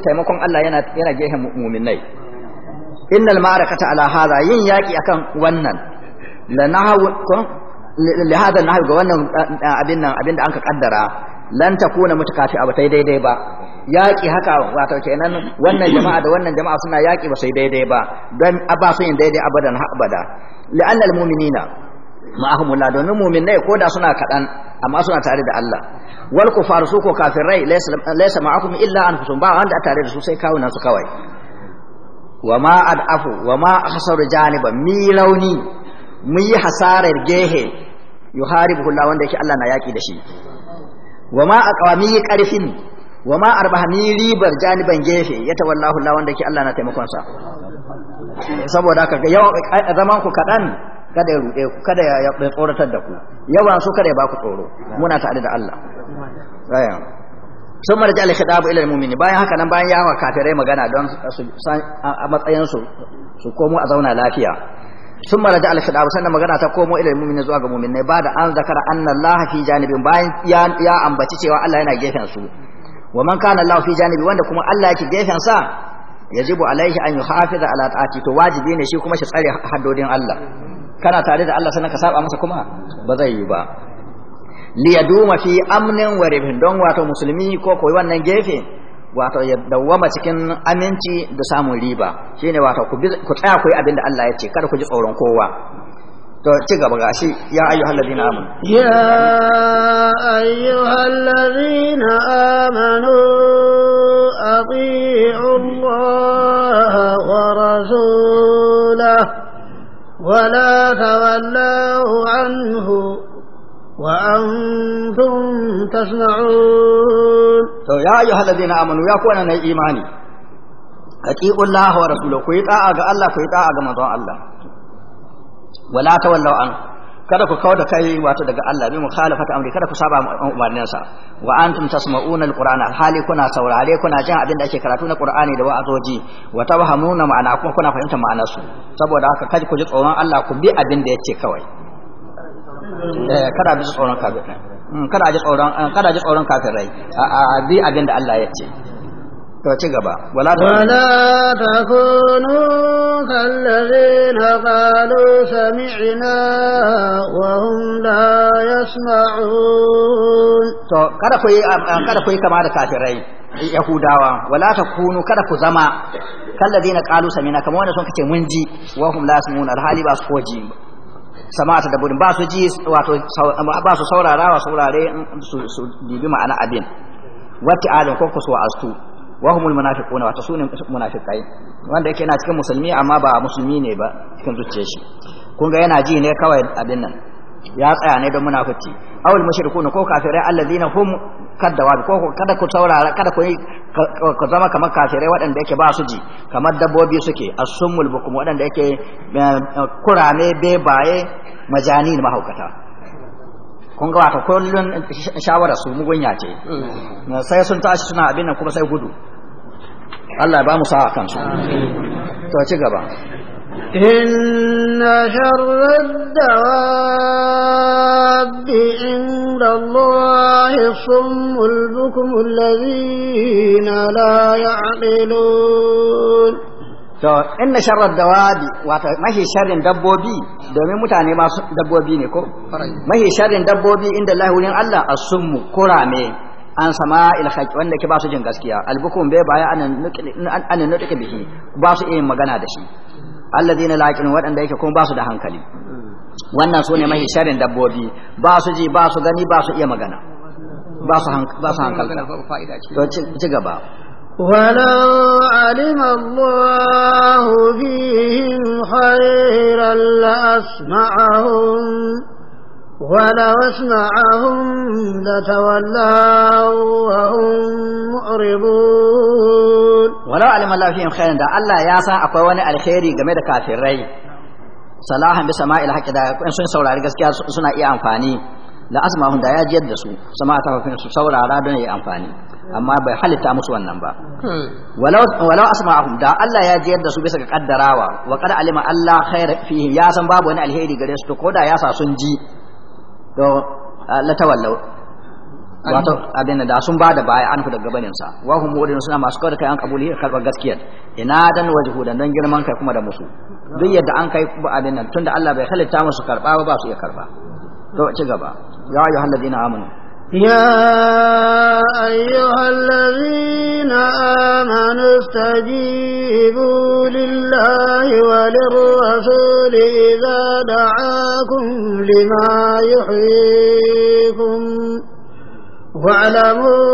taimakon Allah yana yana gehen mu'minai innal ma'arakata ala hadha yin yaki akan wannan la nahawu li hadha nahawu ga wannan abin nan abin da anka kaddara lan takuna mutakafi'a ba sai daidai ba yaƙi haka wato kenan wannan jama'a da wannan jama'a suna yaƙi ba sai daidai ba don ba su yin daidai abadan abada li'annal mu'minina ma'ahumullah domin mu'minai ko da suna kaɗan amma suna tare da Allah wal kufaru su ko kafirai laysa ma'akum illa anfusum ba wanda tare da su sai kawunan su kawai wa ma ad'afu wa ma jani ba mi launi mu yi hasarar gehe yuharibu Allah wanda yake Allah na yaƙi da shi wa ma aqwami karfin wa ma arbahami ribar janiban gefe ya tawallahu Allah wanda ke Allah na taimakon sa saboda yawa a zaman ku kadan kada ya rude ku kada ya tsoratar da ku yawan su kada ya ba ku tsoro muna tare da Allah ayan sun marja al-khitabu ila al-mu'mini bayan haka nan bayan yawa kafirai magana don a matsayinsu su komo a zauna lafiya sun maraja alfidaru sannan magana ta komo ilal mu'mini zuwa ga mu'minai ba da an zakara anna Allah fi janibin bayan ya ambaci cewa Allah yana gefen su wa man kana Allah fi janibi wanda kuma Allah yake gefen sa yajibu alaihi an yuhafiza ala ta'ati to wajibi ne shi kuma shi tsare haddodin Allah kana tare da Allah sannan ka saba masa kuma ba zai yi ba liyaduma fi amnin wa don wato musulmi ko koyi wannan gefen. wato ya dawwama cikin aminci da samun riba shine wato ku tsaya ku yi abin da Allah ya ce kada ku ji tsoron kowa to ci gaba ga shi ya ayyuhal ladina amanu ya ayyuhal ladina amanu atii'u Allah wa rasulahu wa la tawallu anhu وأنتم تسمعون تو يا أيها الذين آمنوا يا كوانا ني إيماني أتيقوا الله ورسوله كويتا أغا الله كويتا أغا مضان الله ولا تولوا عنه kada ku kawo da kai wato daga Allah bi mukhalafata amri kada ku saba umarnin sa wa antum tasma'una alqur'ana hali kuna saurare kuna jin abin da ake karatu na qur'ani da wa'azoji wa tawhamuna ma'ana kuma kuna fahimta ma'anar su saboda haka kaji ku ji tsoron Allah ku bi abin da yake kawai Eh, kada mm, eh, ji tsoron kafirai kada ji tsoron kada ji tsoron kafirai a bi abin da Allah ya ce to ci gaba wala ta takunu kallazina qalu sami'na wa hum la yasma'un to kada ku eh, kada ku kama da kafirai yahudawa wala takunu kada ku zama kallazina qalu sami'na kamar wanda sun kace mun ji wa hum la yasma'un alhali ba su ji. samata da budin ba su ji wato ba su saurara wa saurare mm, su dibi ma'ana abin wata alim ko kusa astu wa humul munafiqun wato su ne munafiqai wanda yake yana cikin musulmi amma ba musulmi ne ba cikin zuciyar shi kun ga yana ji ne kawai abin nan ya tsaya ne don munafiki awul mushrikun ko kafirai alladhina hum wa ko kada ku saurara kada ku ku zama kamar kafirai waɗanda yake ba su ji kamar dabbobi suke as bukum waɗanda yake eh, kurame bebaye majani mahaukata kun ga wato kullun shawara su mugunya ce hmm. sai sun tashi suna abin nan kuma sai gudu Allah ya ba mu sa'a kansu to ci gaba إن شر الدواب عند الله الصم البكم الذين لا يعقلون to inna sharrar dawabi wato mahi sharrin dabbobi domin mutane masu dabbobi ne ko mahi sharrin dabbobi inda Allah wurin Allah asummu kurame an sama ilhaq wanda ke ba su jin gaskiya albukum bai baya anan nuke anan nuke bihi ba su iya magana da shi alladhina la yaqilun waɗanda yake kuma ba su da hankali wannan su ne mahi sharin dabbobi ba su ji ba su gani ba su iya magana ba su hankalta to ci gaba ولو علم الله فيهم خيرا لأسمعهم ولو اسمعهم لتولوا وهم معرضون rasul walau alima Allah fihim khairan da Allah ya san akwai wani alkhairi game da kafirai salahan bisa ma'il haqqi da sun saurari gaskiya suna iya amfani la asmahum da ya jiyar da su sama ta kafin su saurara don yi amfani amma bai halitta musu wannan ba walau walau da Allah ya jiyar da su bisa ga kaddarawa wa qad alima Allah khaira fihi ya san babu wani alheri gare su to koda ya sa sun ji to la tawallau wato abin da sun ba da baya an ku daga gabanin sa wa hum muridun suna masu kawar kai an kabuli karbar gaskiyar ina dan wajhu dan dan girman kai kuma da musu duk yadda an kai ba abin nan tunda Allah bai halitta musu karba ba ba su iya karba to ci gaba ya ayyuhal ladina amanu يا أيها الذين آمنوا استجيبوا لله وللرسول إذا دعاكم لما يحييكم واعلموا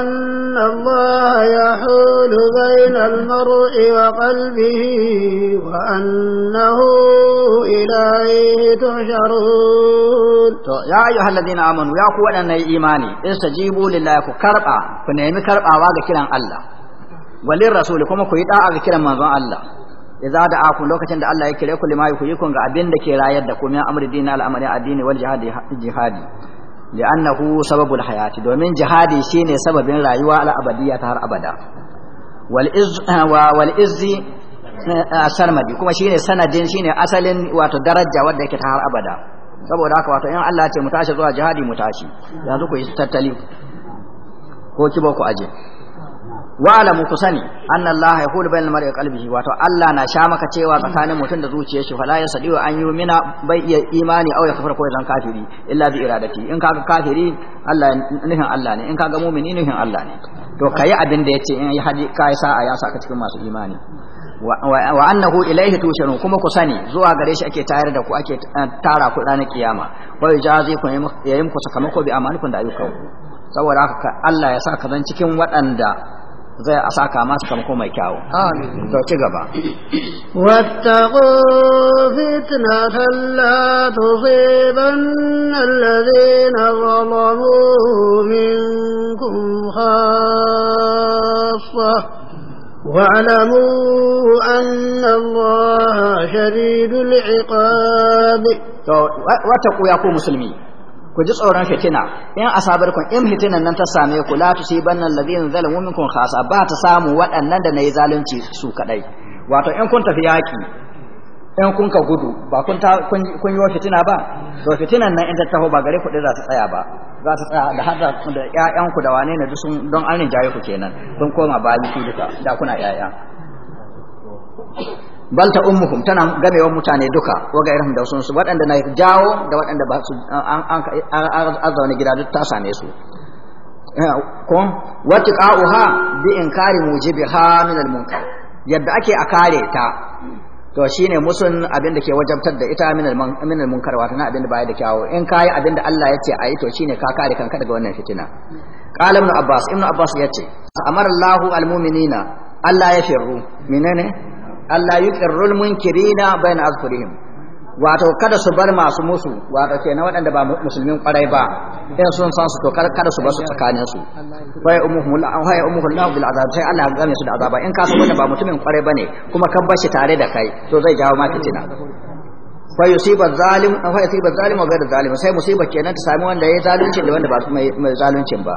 أن الله يحول بين المرء وقلبه وأنه إليه تحشرون يا أيها الذين آمنوا يا قوة أن إيماني استجيبوا لله كربا كنعم كربا وذكرا الله وللرسول كما كويتا ذكرا من الله idza da akun lokacin da Allah ya kire ku lima yukuyi kun ga abin da ke rayar da ku min amri dinin al'amari addini wal jihadi jihadi li'annahu sababul hayati domin jihadi shine sababin rayuwa al'abadiyya ta har abada wal sarmadi kuma shine sanadin shine asalin wato daraja wanda yake ta har abada saboda haka wato in Allah ce mu tashi zuwa jihadi mu tashi yanzu ku yi tattali ko ki ba ku aje wa'alamu ku sani anna Allah ya hulu bayan mar'i qalbihi wato Allah na sha maka cewa tsakanin mutum da zuciyar shi fala ya sadiwa an yi bai iya imani au ya kafar ko zan kafiri illa bi iradati in kaga kafiri Allah nufin Allah ne in kaga mu'mini nufin Allah ne to kayi abin da yace in hadi kai sa'a ya ka cikin masu imani wa annahu ilaihi tusharun kuma ku sani zuwa gare shi ake tayar da ku ake eh, tara ku ranar kiyama wa yajazi ku yayin ku sakamako bi amanikum da ayyukanku saboda haka Allah ya sa ka zan cikin waɗanda zai a saka masu kamko mai kyawu to ci gaba wattaqu fitnatan la tusibanna alladhina zalamu minkum khaffa واعلموا أن الله شديد العقاب واتقوا يا مسلمين ku ji tsoron fitina in kun in fitinan nan ta same ku la tusibanna alladhina zalamu minkum khasa ba ta samu waɗannan da nayi zalunci su kadai wato in kun tafi yaki in kun ka gudu ba kun ta kun yi fitina ba to fitinan nan in ta taho ba gare ku za ta tsaya ba za ta tsaya da hada da ƴaƴan ku da wane ne dusun don an rinjaye ku kenan kun koma ba duka da kuna ƴaƴa bal ta ummuhum tana wa mutane duka wa irin da sunsu waɗanda na jawo da waɗanda ba su an zaune gida duk ta same su ko wata ƙa'uha bi in kare mujibi ha min almunka yadda ake a kare ta to shine musun abin da ke wajabtar da ita min munkar wato na abin da baya da kyawo in kayi abin da Allah ya ce ayi to shine ka kare kanka daga wannan fitina qala ibn abbas ibn abbas yace amara Allahu almu'minina Allah ya firru menene Allah yuqirrul munkirina bayna azkurihim wato kada su bar masu musu wato na waɗanda ba musulmin kwarai ba in sun san su to kada su bar su tsakanin su wai ummuhul lahu bil azab sai Allah game su da azaba in ka san wanda ba mutumin kwarai bane kuma kan bar shi tare da kai to zai jawo ma fitina fa yusiba zalim fa yusiba zalim wa ghayr zalim sai musiba kenan ta sami wanda ya zalunci da wanda ba mai zaluncin ba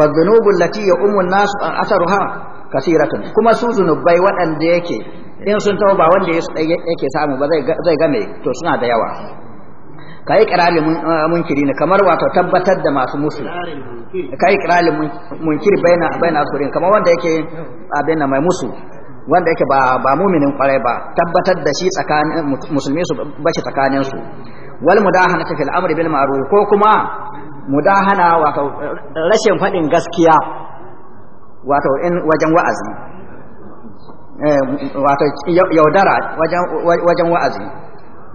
wa dhunubu allati ya ummu an-nas atharuha kasiratun kuma su zunubai waɗanda yake in sun taho ba wanda yake samu ba zai game to suna da yawa ka yi kiralin uh, munkiri ne kamar wato tabbatar da masu musu ka yi kiralin munkiri baina turin. kamar wanda yake abin mai musu wanda yake ba ba muminin kwarai ba tabbatar da shi tsakanin musulmi su shi tsakanin su wal mudahana fil amri bil ma'ruf ko kuma mudahana wato rashin fadin gaskiya wato in wajen wa'azi eh, wato yaudara wajen wa'azi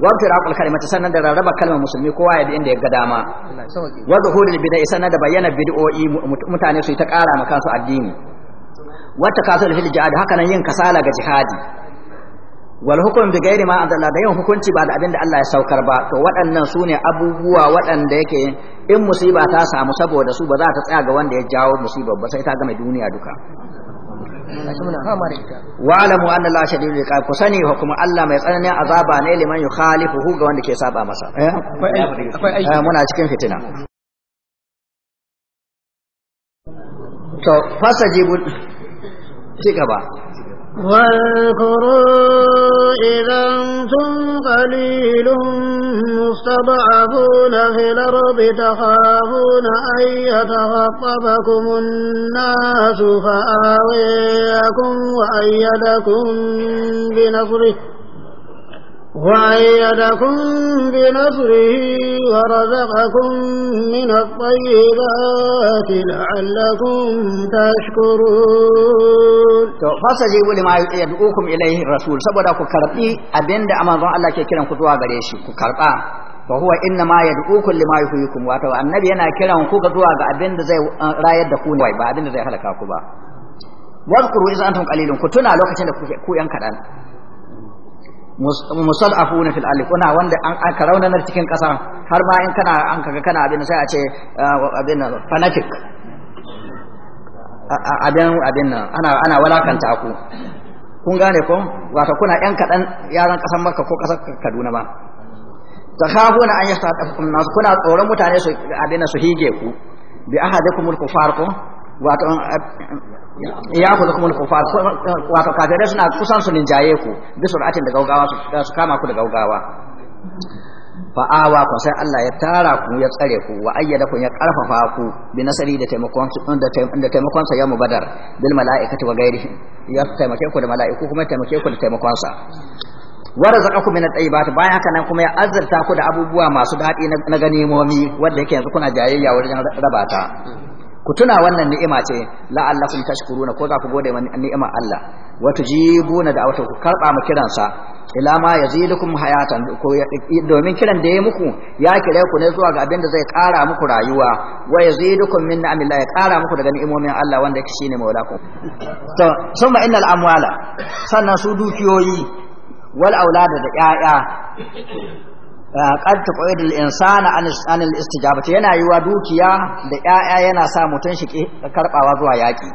wabtira aqul kalimati sannan da rarraba kalmar musulmi kowa ya bi inda ya ga dama hudu da bid'a sannan da bayyana bid'o'i mutane su ta kara ma kansu addini wata kasul fil haka nan yin kasala ga jihadi wal hukum bi gairi ma anzala da yin hukunci ba da abin Allah ya saukar ba to waɗannan su ne abubuwa waɗanda yake in musiba ta samu saboda su ba za ta tsaya ga wanda ya jawo musibar ba sai ta mai duniya duka wa alamu anna la shadidul iqab ku sani kuma Allah mai tsananin azaba ne liman yukhalifuhu ga wanda ke saba masa eh? eh, muna cikin fitina to fasajibu ci gaba واذكروا إذا أنتم قليل مستضعفون في الأرض تخافون أن يتخطفكم الناس فآويكم وأيدكم بنصره وأيدكم بنصره ورزقكم من الطيبات لعلكم تشكرون to fasajibu lima yad'ukum ilayhi rasul saboda ku karbi abinda amanzon Allah ke kiran ku zuwa gare shi ku karba wa huwa inna ma yad'ukum lima yuhyikum wato annabi yana kiran ku zuwa ga abinda zai uh, rayar da ku ne ba abinda zai halaka ku ba wazkuru iz antum qalilun ku tuna lokacin da ku yan kadan musadafuna fil alif kuna wanda an aka raunanar cikin ƙasa har ma in kana an kaga kana abin sai a ce abin fanatic abin abin ana ana walakanta ku kun gane ko wato kuna yan kadan yaran ƙasar Makka ko kasar Kaduna ba takhafuna an yastatafukum nas kuna tsoron mutane su abin su hige ku bi ahadakumul kufar ko wato ya ku da kuma kufar wato kafirai suna kusan su ninjaye ku bi sur'atin da gaugawa su kama ku da gaugawa fa'awa ku sai Allah ya tara ku ya tsare ku wa ayyada ku ya karfafa ku bi nasari da taimakon da taimakon sa mu badar bil mala'ikati wa ghairihim ya taimake ku da mala'iku kuma taimake ku da taimakon sa razaqaku min at-tayyibat bayan haka nan kuma ya azurta ku da abubuwa masu daɗi na ganimomi wanda yake yanzu kuna jayayya wajen rabata ku tuna wannan ni'ima ce la'allakum tashkuruna ko za ku gode wa ni'imar Allah wa tujibuna da'awata ku karba mu kiransa ila ma yazidukum hayatan ko domin kiran da yayi muku ya kire ku ne zuwa ga abin da zai kara muku rayuwa wa yazidukum min ni'amillah ya kara muku daga ni'imomin Allah wanda yake shine maulakum to summa innal amwala sannan su dukiyoyi wal aulada da 'ya'ya. qad tuqidu al-insana an al istijaba yana yiwa dukiya da ƴaƴa yana sa mutun shi karbawa zuwa yaki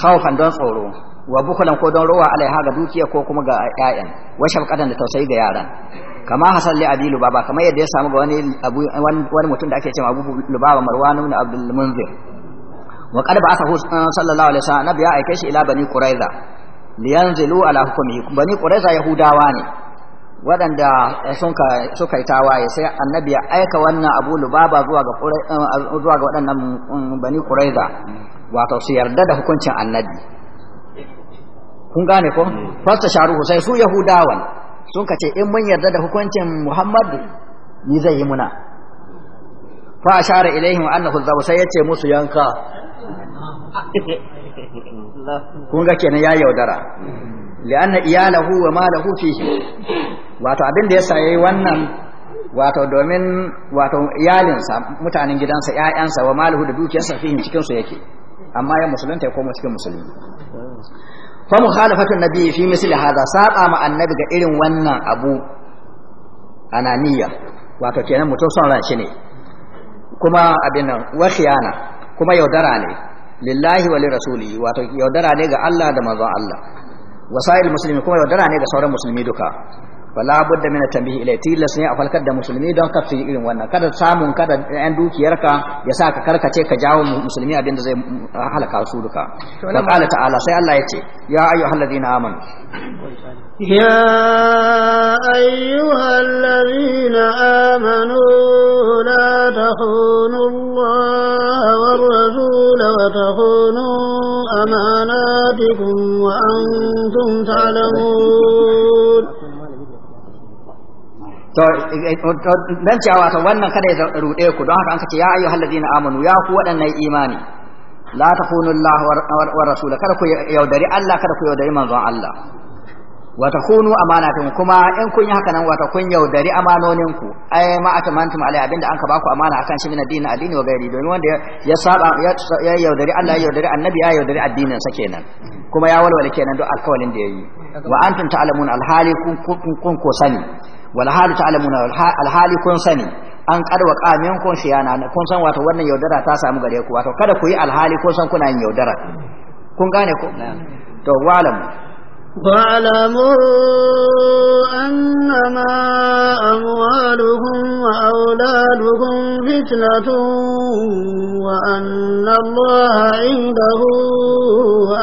khaufan don tsoro wa bukulan ko don rowa alaiha ga dukiya ko kuma ga ƴaƴan wa shafqatan da tausayi ga yaran kama hasan li abi lubaba kamar yadda ya samu ga wani abu wani mutum da ake cewa abu lubaba marwan ibn abdul munzir wa qad ba'athahu sallallahu alaihi wasallam nabi ya ila bani qurayza liyanzilu ala hukmi bani qurayza yahudawa ne waɗanda eh, suka yi tawaye sai annabi ya aika wannan abu lubaba zuwa ga eh, zuwa ga waɗannan mm, bani ƙuraiza wato su yarda da hukuncin annabi kun gane ko fasta sharuhu sai su yahudawan sun ka ce in mun yarda da hukuncin muhammad ni zai yi muna fa ashara ilaihim annahu zabu sai yace musu yanka kun ga kenan ya yaudara li'anna iyalahu wa malahu fihi wato abin da ya saye wannan wato domin wato iyalinsa mutanen gidansa ƴaƴansa wa malahu da dukiyarsa fihi cikin su yake amma ya musulunta ya koma cikin musulmi fa mukhalafatu nabiyyi fi misli hadha saqa ma annabi ga irin wannan abu ananiya wato kenan mutum son ran shi ne kuma abin nan wa khiyana kuma yaudara ne lillahi wa lirasuli wato yaudara ne ga Allah da manzon Allah wasa'il musulmi kuma yaudara ne ga sauran musulmi duka wala budda min tambihi ilai tilas ne a falkar da musulmi don ka yi irin wannan kada samun kada yan dukiyarka ya sa ka karkace ka jawo musulmi abin da zai halaka su duka wa qala ta'ala sai Allah ce ya ayyuhalladhina amanu ya ayyuhalladhina amanu la tahunu Allah war rasul wa صدقاتكم وأنتم تعلمون dan cewa ta wannan kada ya rude ku don haka an kace ya ayyuhal ladina amanu ya ku wadannan imani la takunu Allah wa rasul kada ku yaudari Allah kada ku yaudari manzon Allah wata kunu amanatan kuma in kun yi haka nan wata kun yaudari amanonin ku ai ma atamantum alai abinda an ka baku amana akan shi min addini addini wa gairi domin wanda ya saba ya yaudari Allah ya yaudari annabi ya yaudari addinin sa kenan kuma ya walwala kenan duk alkawalin da yayi wa antum ta'lamun alhali kun kun ko sani wal hali ta'lamun alhali kun sani an karwa kamin kun shiyana kun san wato wannan yaudara ta samu gare ku wato kada ku yi alhali kun san kuna yin yaudara kun gane ko to walamu واعلموا أنما أموالهم وأولادهم فتنة وأن الله عنده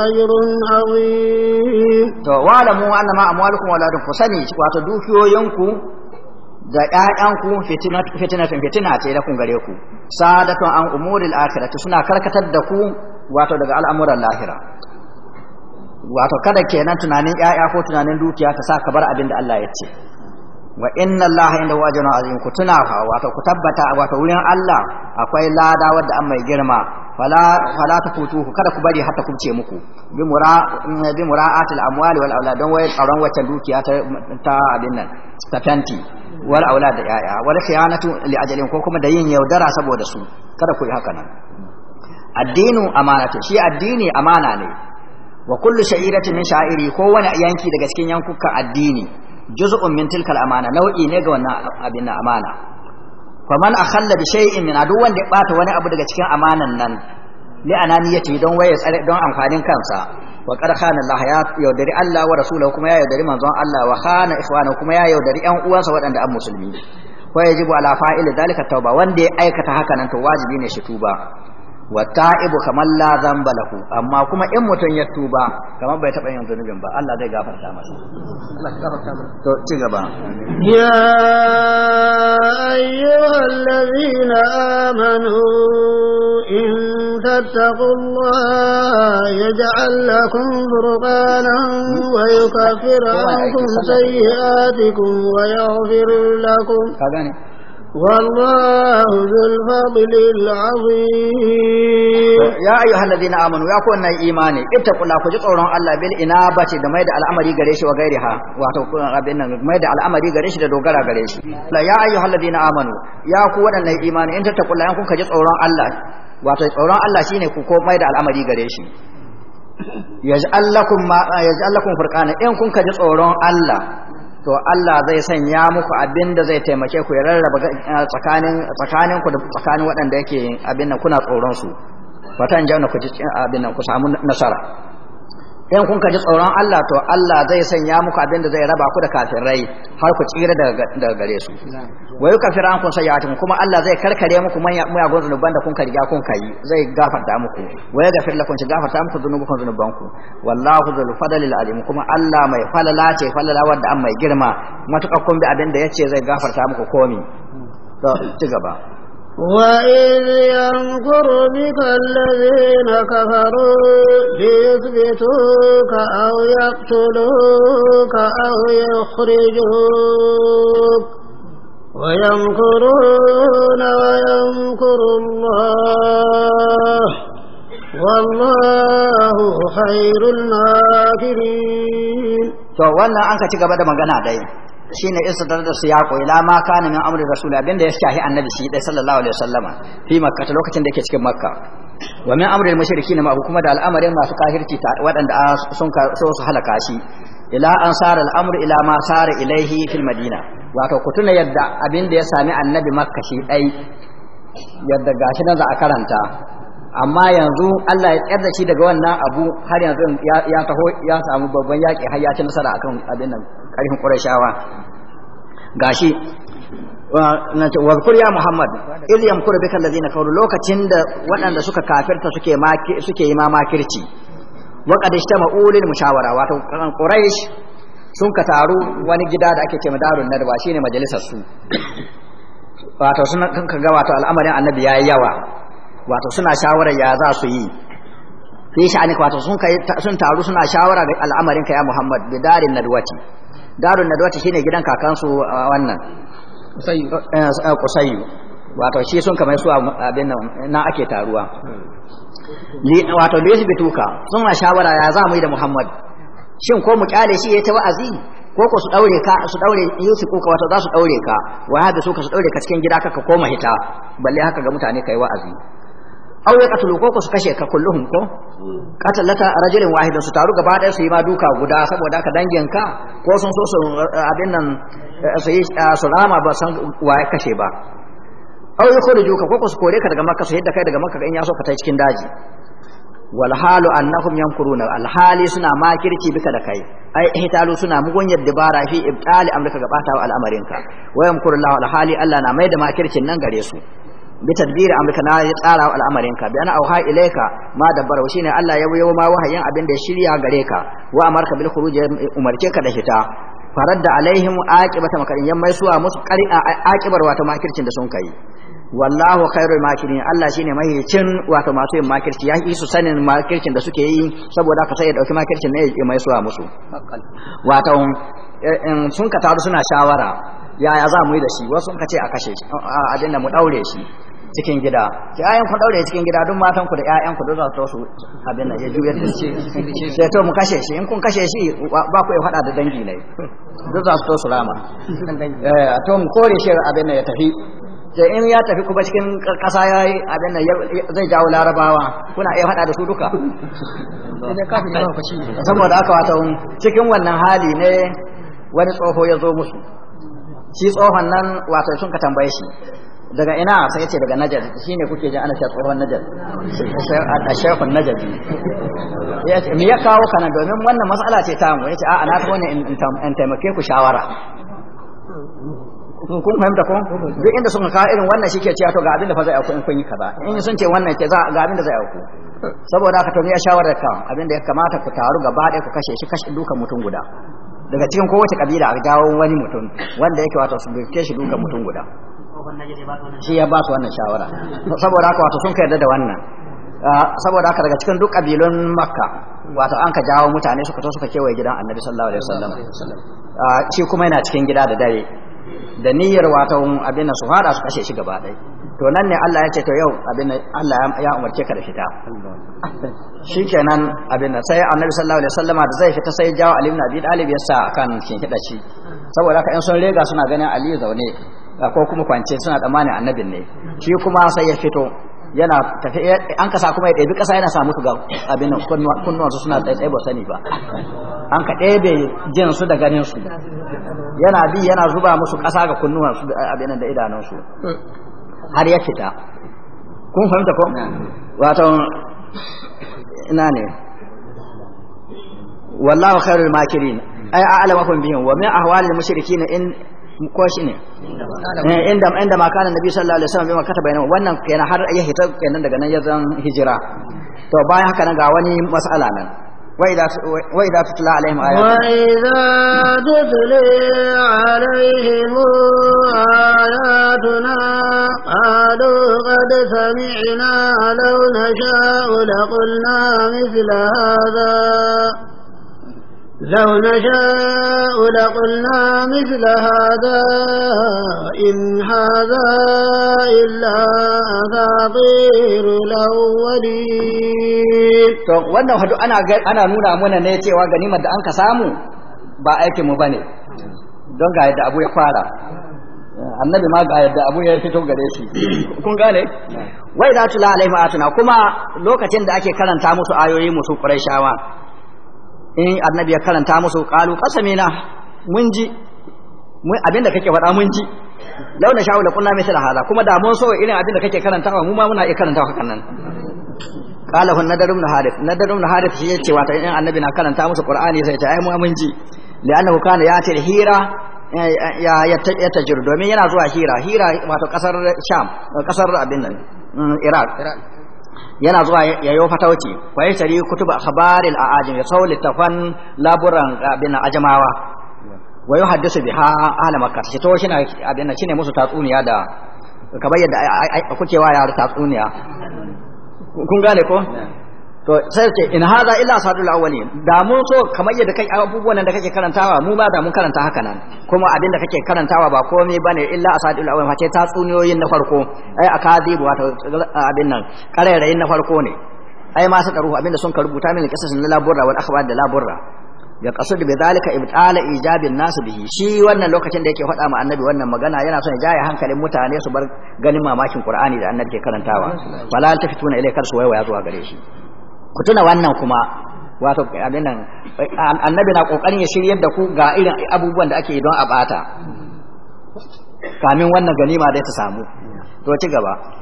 أجر عظيم واعلموا أنما أموالكم وأولادكم فسني wato dukiyoyinku da ‘ya'yanku fitinatun fitina ce da kun gare ku, sadatun an umuril akhirati suna karkatar da ku wato daga al'amuran lahira. wato kada kenan tunanin ƴaƴa ko tunanin dukiya ka sa ka bar abin da Allah ya ce wa inna allaha inda wajana azim ku tuna fa wato ku tabbata wato wurin Allah akwai lada wadda an mai girma fala fala tafutuhu kada ku bari hatta kubce muku bi mura bi mura'atil amwali wal aulad don wai tsaron wacce dukiya ta ta abin nan ta tanti wal aulad da yaya wal khiyanatu li ajalin ko kuma da yin yaudara saboda su kada ku yi haka nan addinu amanatu shi addini amana ne wa kullu sha'iratin min sha'iri kowane yanki daga cikin yankukan addini juz'un min tilkal amana nau'i ne ga wannan abin amana fa man akhalla bi shay'in min duk wanda ya bata wani abu daga cikin amanan nan li ananiyati don waye tsare don amfanin kansa wa qad khana Allah ya yaudari Allah wa rasulahu kuma ya yaudari manzon Allah wa khana ikhwana kuma ya yaudari ƴan uwansa waɗanda an musulmi wa yajibu ala fa'il zalika tauba wanda ya aikata haka nan to wajibi ne shi tuba wa ta'ibu kamar la zamba lahu amma kuma in mutum ya tuba kamar bai taɓa yin zunubin ba Allah zai gafarta masa Allah to ci gaba ya ayyuhal ladina amanu in tattaqullaha yaj'al lakum furqanan wa yukaffir ankum sayyi'atikum wa yaghfir lakum ka gane والله ذو الفضل العظيم يا ايها الذين امنوا يا كون ايماني اتقوا الله كجي tsoron Allah bil inabati da mai da al'amari gare shi wa ha, wato kun abin nan mai da al'amari gare shi da dogara gare shi la ya ayyuhal ladina amanu ya ku wadannan imani in kula in kun ji tsoron Allah wato tsoron Allah shine ku ko mai da al'amari gare shi yaj'al lakum ma yaj'al lakum furqana in kun ka ji tsoron Allah to Allah zai sanya muku abin da zai taimake ku ya rarraba uh, tsakanin tsakanin ku da tsakanin waɗanda yake abin nan kuna tsoron su fatan jauna ku ji abin nan ku samu nasara in kun ji tsoron Allah to Allah zai sanya muku abin da zai raba ku da kafirai har ku tsira daga gare su wayu kafiran kun sayyatin kuma Allah zai karkare muku muyagun zunuban da kun riga kun kai zai gafarta muku waya gafir lakum shi gafarta muku zunubukan zunuban ku wallahu zul fadlil alim kuma Allah mai falala ce falala wanda an mai girma matuƙa kun bi abin da yace zai gafarta muku komi to ci gaba وإذ يمكر بك الذين كفروا ليثبتوك أو يقتلوك أو يخرجوك ويمكرون ويمكر الله والله خير الماكرين to wannan an ka ci gaba da magana dai shine isa da su ya koyi la ma kana min amri rasul abinda ya shahi annabi shi dai sallallahu alaihi wasallama fi makka ta lokacin da yake cikin makka wa min amri al-mushrikin ma kuma da al'amarin masu kafirci wadanda sun so su halaka shi ila an sara al ila ma sara ilaihi fil madina wato ku tuna yadda abinda ya sami annabi makka shi dai yadda gashi nan za a karanta amma yanzu Allah ya tsayar da shi daga wannan abu har yanzu ya taho ya samu babban yaƙi har ya ci nasara akan abin nan ƙarfin ƙurashawa gashi wazkur ya muhammad iz yamkuru da zina kawo lokacin da waɗanda suka kafirta suke yi ma makirci wa qad ishtama'u lil mushawara wato kan quraish sun ka taru wani gida da ake ce madarun nadwa shine majalisar su wato sun kan ga wato al'amarin annabi ya yi yawa wato suna shawarar ya za su yi fi sha'anika wato sun kai sun taru suna shawara ga al'amarin ka ya Muhammad bi darin nadwati darin nadwati shine gidan kakansu wannan eh, eh, kusayyu wato shi sun kamar su abin nan na ake taruwa hmm. wato da yasu bituka sun ma shawara ya za mu yi da Muhammad shin ko mu kyale shi ya ta wa'azi ko ko su daure ka su daure Yusuf ko wato za su daure ka wa hada su ka su daure ka cikin gida ka koma hita balle haka ga mutane kai wa'azi aw ya katulu ko su kashe ka kulluhum ko katalaka hmm. rajulin wahidin su taru gaba ɗaya su yi ma duka guda saboda ka dangin ka ko sun so su eh, abin nan eh, su yi eh, su ba san wa ya kashe ba aw ya khuruju ka ko su kore ka daga makka su yadda kai daga makka in ya so ka tai cikin daji wal halu annahum yankuruna al hali suna makirci bika da kai ai ihtalu suna mugunyar dabara fi ibtali amrika gabata wa al'amarinka wa yamkurullahu al hali Allah na mai da makircin nan gare su bi tadbiri amrika na ya tsara al'amarin ka bi ana auha ilaika ma dabbara shine Allah ya wayo ma wahayin abin da shirya gare ka wa amarka bil khuruj umarke ka da hita faradda alaihim aqibata makarin yan mai suwa musu qari'a aqibar wato makircin da sun kai wallahu khairul makirin Allah shine mahicin wato masu yin ya isu sanin makircin da suke yi saboda ka sai ya makircin ne ya mai suwa musu eh, sun ka taru suna shawara yaya za mu yi da shi wasu sun ka ce a kashe shi mu daure shi cikin gida ki ayan ku daure cikin gida duk matan ku da ƴaƴan ku duk za su tosu abin da ya juyar da shi sai to mu kashe shi in kun kashe shi ba ku ya fada da dangi ne duk za su tosu su rama eh to mu kore shi abin da ya tafi sai in ya tafi kuma cikin ƙasa ya yi abin da zai jawo larabawa kuna iya faɗa da su duka saboda aka wata cikin wannan hali ne wani tsoho ya zo musu shi tsohon nan wato sun ka tambaye shi daga ina sai ya ce daga najar shi ne kuke ji ana cewa tsohon najar a shafin najar ya ce me ya kawo kana domin wannan matsala ce ta mu ya ce a'a na kawo ne in taimake ku shawara kun fahimta ko duk inda sun kawo irin wannan shi ke cewa to ga abin da fa zai auku in kun yi kaza in sun ce wannan ke ga abin da zai auku saboda haka to ya shawara ka abin da ya kamata ku taru gaba ɗaya ku kashe shi kashe dukan mutum guda daga cikin kowace kabila a gawo wani mutum wanda yake wato su shi dukan mutum guda shi ya ba su wannan shawara saboda haka wato sun ka yarda da wannan ah, saboda haka daga cikin duk kabilun makka wato an ka jawo mutane suka to suka kewaye gidan annabi sallallahu alaihi wasallam ah, shi kuma yana cikin gida da dare da niyyar wato abin su fara su kashe shi gaba ɗaya to nan ne Allah ya ce to yau abin Allah ya umarce ka da fita shikenan abin nan sai annabi sallallahu alaihi wasallam da zai fita sai jawo Ali ibn Abi Talib ya sa kan kin hida shi saboda haka in sun rega suna ganin Ali zaune ko kuma kwance suna tsammanin annabin ne shi kuma sai ya fito yana tafi an kasa kuma ya ɗebi ƙasa yana sa musu ga abin kunnuwansu suna tsaye ba sani ba an ka ɗebe jin su da ganin su yana bi yana zuba musu ƙasa ga kunnuwansu da abin da idanunsu har ya fita kun fahimta ko wato ina ne wallahu khairul makirin ai a'lamakum bihim wa min ahwalil mushrikin in ko shi ne eh, inda inda ma kana nabi sallallahu alaihi wasallam bai makata wannan kenan har ya hita kenan daga nan ya zan hijira to bayan haka nan ga wani mas'ala nan وإذا وإذا mu عليهم آياتنا وإذا تتلى عليهم آياتنا قالوا قد سمعنا لو نشاء لقلنا مثل هذا لو نشاء لقلنا مثل هذا إن هذا إلا أساطير الأولين to wannan hadu ana ana nuna mana ne cewa ganimar da an ka samu ba aikin mu bane don ga yadda abu ya fara annabi ma ga yadda abu ya fito gare shi kun gane wai da tula alaihi atuna kuma lokacin da ake karanta musu ayoyi musu quraishawa in annabi ya karanta musu qalu qasamina mun ji mun abinda kake faɗa mun ji launa sha'u kunna mai sala haza kuma da mun so irin abinda kake karantawa mu ma muna iya karantawa hakan nan qala hun nadarun nadarum na harith shi yace wato in annabi na karanta musu qur'ani sai ta ai mu mun ji li'annahu kana ya til hira ya ya tajir domin yana zuwa hira hira wato kasar sham kasar abin nan iraq yana zuwa yayo fatauci wa yashtari kutuba a aajim ya sawli tafan laburan abin ajamawa wa yuhaddisu biha ahla makkah shi to na abin nan shine musu tatsuniya da ka bayyana kuke wa yara tatsuniya kun gane ko to sai ce in hadha illa sadul awwalin da mun so kamar yadda kai abubuwan da kake karantawa mu ba da mun karanta haka nan kuma abin da kake karantawa ba komai bane illa asadul awwalin fa ce ta tsuniyoyin na farko ai akadibu wato abin nan karairayin na farko ne ai ma suka ruhu abinda sun rubuta min kisasin na laburra wal akhbar da laburra ya kasud bi zalika ibtala ijabin nasu bihi shi wannan lokacin da yake faɗa ma annabi wannan magana yana son ya jaye hankalin mutane su bar ganin mamakin qur'ani da annabi ke karantawa fala tafituna ilayka su waiwaya zuwa gare shi ku tuna wannan kuma wato abinan annabi na kokarin ya shiryar da ku ga irin abubuwan da ake don a bata kamin wannan ganima da ta samu to ci gaba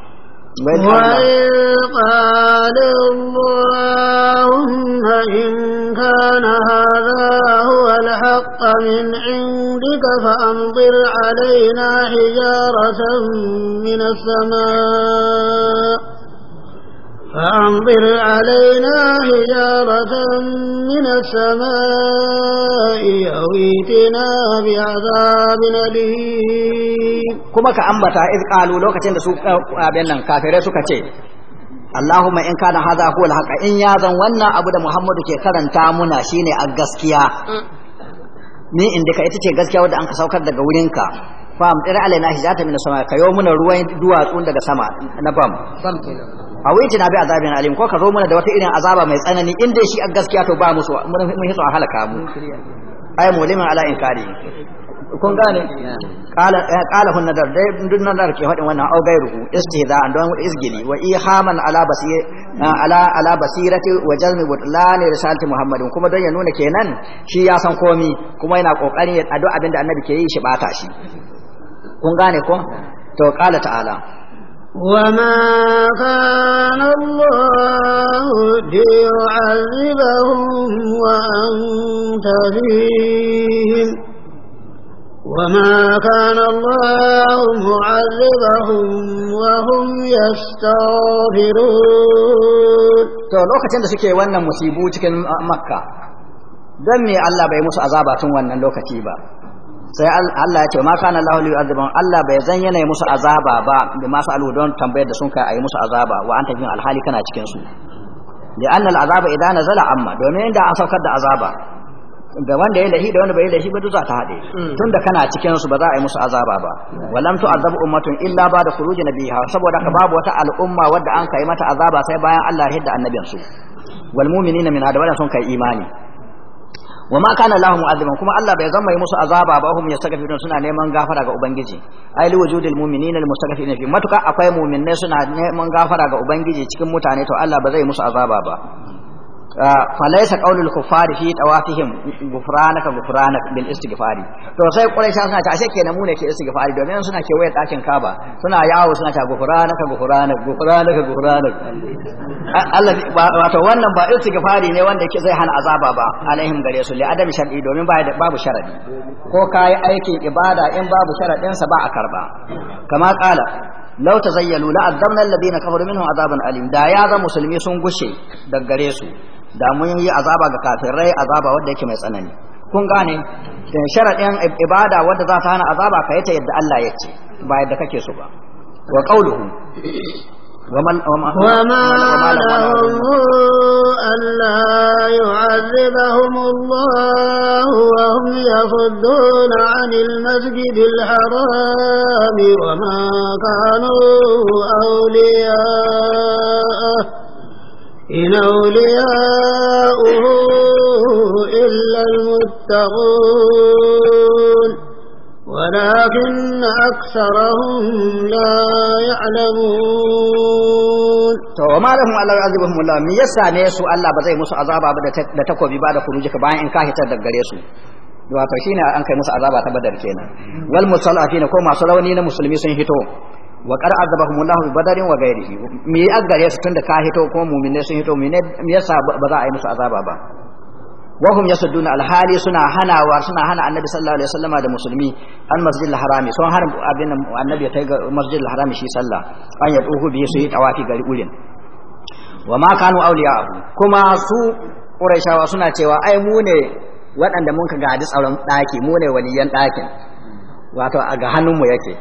وإذ قال اللهم إن كان هذا هو الحق من عندك فأمطر علينا حجارة من السماء فأمطر علينا حجارة من السماء أو ائتنا بعذاب أليم كما كأمتا إذ قالوا لو كتن سوء أبينا كافرة سكتي اللهم إن كان هذا هو الحق إن يازن وانا أبدا محمد كي كرن تامنا شيني أغسكيا ni inda ka ita ce gaskiya wadda an ka saukar daga wurinka fa amtir alaina hijata min sama kayo muna ruwan duwatsu daga sama na bam awitina bi azabin alim ko ka zo mana da wata irin azaba mai tsanani inda shi a gaskiya to ba mu so mun hiso a halaka mu ay mulimin ala inkari kun gane Kala eh, qala hun nadar dai dun nadar ke hadin wannan au gairuhu istihza'an don izgili wa ihaman ala basir ala ala basirati wa jazmi butlani risalati muhammadin kuma don ya nuna kenan shi ya san komi kuma yana kokarin ya adu abinda annabi ke yi shi bata shi kun gane ko to qala ta'ala وما كان الله ليعذبهم وأنت فيهم وما كان الله معذبهم وهم يستغفرون to lokacin da suke wannan musibu cikin makka don me Allah bai musu azaba tun wannan lokaci ba sai Allah ya ce ma kana Allahu yu'adhibuhum Allah bai zan yana musu azaba ba bi ma fa'alu don tambayar da sun kai ayi musu azaba wa anta jin alhali kana cikin su li anna al'azaba idza nazala amma domin inda an saukar da azaba Da wanda ya lahi da wanda bai lahi ba duk za ta haɗe mm. tunda kana cikin su ba za a yi musu azaba ba mm. walam azabu ummatun illa ba da khuruji nabiha saboda ka babu wata al'umma wadda an kai mata azaba sai bayan Allah ya hidda annabinsu wal mu'minina min hada sun kai imani wa ma kana lahu mu'azziban kuma Allah bai zama yi musu azaba ba hum yastaghfirun suna neman gafara ga ubangiji ai li wujudil mu'minina al mustaghfirina fi matuka akwai mu'minai suna neman gafara ga ubangiji cikin mutane to Allah ba zai musu azaba ba falaisa qaulul kuffari fi tawafihim gufranaka gufranaka bil istighfari to sai quraisha suna ta ashe kenan mu ne ke istighfari domin suna ke wayar dakin kaba suna yawo suna ta gufranaka gufranaka gufranaka gufranaka Allah wato wannan ba istighfari ne wanda yake zai hana azaba ba alaihim gare su li adam shar'i domin ba babu sharadi ko kai aikin ibada in babu sharadin sa ba a karba kama kala law tazayyalu la azabna na kafaru minhum azaban alim da ya zama musulmi sun gushe daga gare su da mun yi azaba ga kafirai azaba wanda yake mai tsanani kun gane dan sharaɗin ibada wanda za ta hana azaba yi ta yadda Allah ya ce ba yadda kake so ba wa qauluhu وما وما, وما لهم ألا يعذبهم الله وهم يصدون عن المسجد الحرام وما كانوا أولياءه إن أولياؤه إلا المتقون ولكن أكثرهم لا يعلمون to ma lahum Allah ya azibuhum Allah me yasa ne su Allah ba zai musu azaba ba da takobi ba da kurujika bayan in ka hitar da gare su wato shine an kai musu azaba ta badar kenan wal musallafina ko masu rauni na musulmi sun hito wa qad azabahum Allah bi badarin wa ghairihi Mi ya gare su tunda ka hito ko mu'minai sun hito me yasa ba za a yi musu azaba ba wahum yasudduna alhali suna hanawa suna hana annabi sallallahu alaihi wasallama da musulmi an masjidil harami sun har abin annabi ya kai ga masjidil harami shi sallah an duhu bi su yi tawafi gari urin wa ma kanu awliya kuma su quraishawa suna cewa ai mu ne waɗanda mun ka gadi tsaron ɗaki mu ne waliyan ɗakin wato a ga mu yake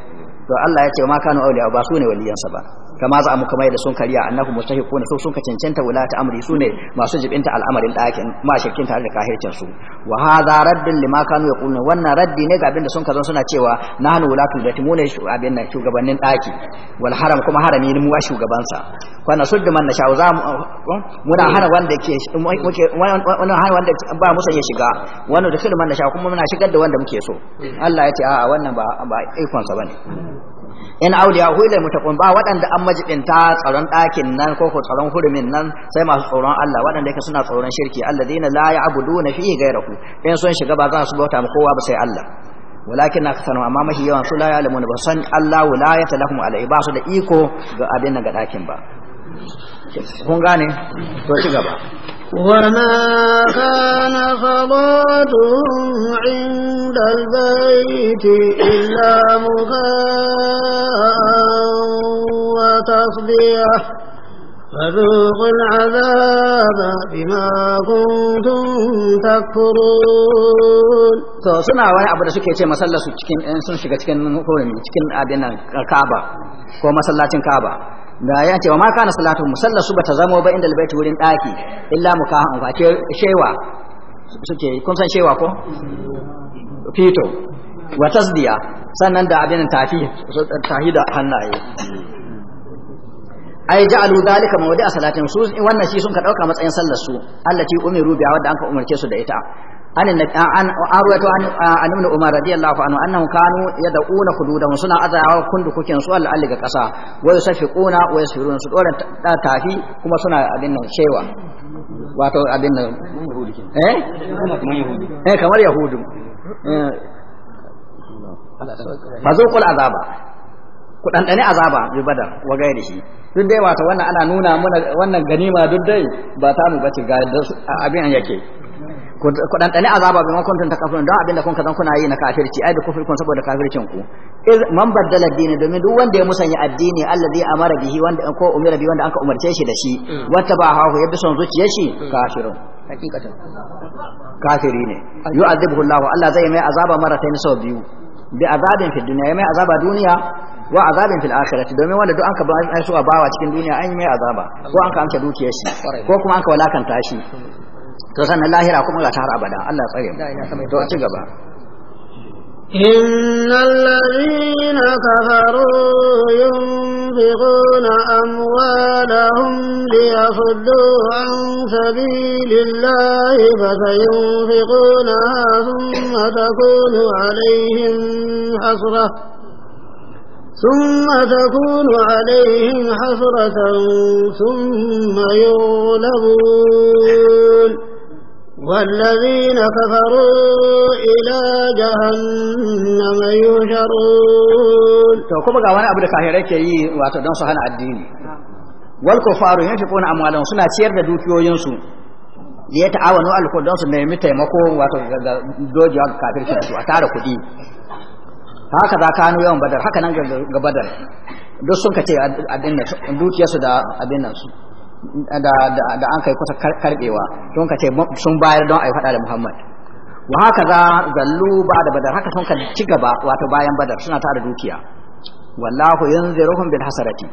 to Allah ya ce ma kanu awliya ba su ne waliyansa ba kama za mu kamar da sun kariya annahu mustahiquna so sun ka cancanta wulata amri sune ne masu jibinta al'amarin dakin ma shirkin tare da kahircin su wa hadha raddin lima kanu yaquluna wannan raddi ne ga abin da sun ka zo suna cewa nahnu wulatu bati mu ne abin nan shugabannin daki wal haram kuma harami ne mu shugaban sa wannan suddu man nasha za mu hmm, muna hana wanda ke muke wannan hana wanda ba mu sanya shiga wannan da kullum man nasha kuma muna shigar da wanda muke so Allah ya ce a'a wannan ba ikon sa bane in auliya hu mu muttaqun ba waɗanda an majibinta tsaron ɗakin nan ko tsaron hurumin nan sai masu tsoron Allah waɗanda yake suna tsoron shirki alladina la ya'buduna fihi ghayrahu in sun shiga ba za su bauta ma kowa ba sai Allah walakin aktharu amma mahi yawan su la ya'lamuna ba san Allah la yatalahum alai ba su da iko ga abin nan ga ɗakin ba kun gane to ci gaba وما كان صلاتهم عند البيت إلا مكاء وتصبية فذوقوا العذاب بما كنتم تكفرون to suna wani abu da suke ce masallasu cikin sun shiga cikin hurumi cikin adina kaba ko masallacin kaba ga ya ce wa ma kana salatu musalla su bata zamo ba inda albayti wurin daki illa mukahan fa ke shewa suke kun san shewa ko fito wa tasdiya sannan da abin tafi tahida hannaye ai ja'alu dalika mawdi'a salatin su wannan shi sun ka dauka matsayin sallar su allati umiru biha wanda anka umarce su da ita na an arwato an ibn umar radiyallahu anhu annahu kanu yad'una hududahum suna azawa kundukukin su Allah ga kasa wa yusafiquna wa yasfiruna su dora tafi kuma suna abin nan shewa wato abin nan eh eh kamar yahudu fazuqul azaba ku dandane azaba bi badar wa gairi shi duk dai wato wannan ana nuna mana wannan ganima duk dai ba ta mu bace ga abin yake ku dan dane azaba bi makon ta kafirun don abinda kun kazan kuna yi na kafirci ai da kufurkun saboda kafircin ku iz man baddala addini domin duk wanda ya musanya addini allazi amara bihi wanda ko umira bi wanda anka umarce shi da shi mm. wata ba hawo yadda son zuciya shi mm. kafirun hakikatan kafiri ne yu'adhibuhu Allah Allah zai mai azaba maratayn sau biyu bi azabin fi dunya mai azaba duniya wa azabin fil akhirati domin wanda duk anka ba su bawa cikin duniya an yi mai azaba ko anka amsa dukiyar shi ko kuma anka walakanta shi to sannan lahira kuma ga ta har abada Allah ya tsare mu to ci gaba إن الذين كفروا ينفقون أموالهم ليصدوا عن سبيل الله فسينفقونها ثم تكون عليهم حسرة ثم تكون عليهم حسرة ثم يغلبون والذين كفروا إلى جهنم يجرون to kuma ga wani abu da kafirai ke yi wato don su hana addini wal kufaru yunfiquna amwalahum suna ciyar da dukiyoyinsu ya ta'awanu al don su nemi taimako wato ga dojiya ga kafirci a tara kuɗi haka za kanu yawan badar haka ga badar duk sun kace dukiyarsu da abin da da an kai kusa karbewa don ka ce sun bayar don a yi fada da Muhammad wa haka za zallu ba da badar haka sun ka ci gaba wato bayan badar suna tara dukiya wallahu yanziruhum bil hasarati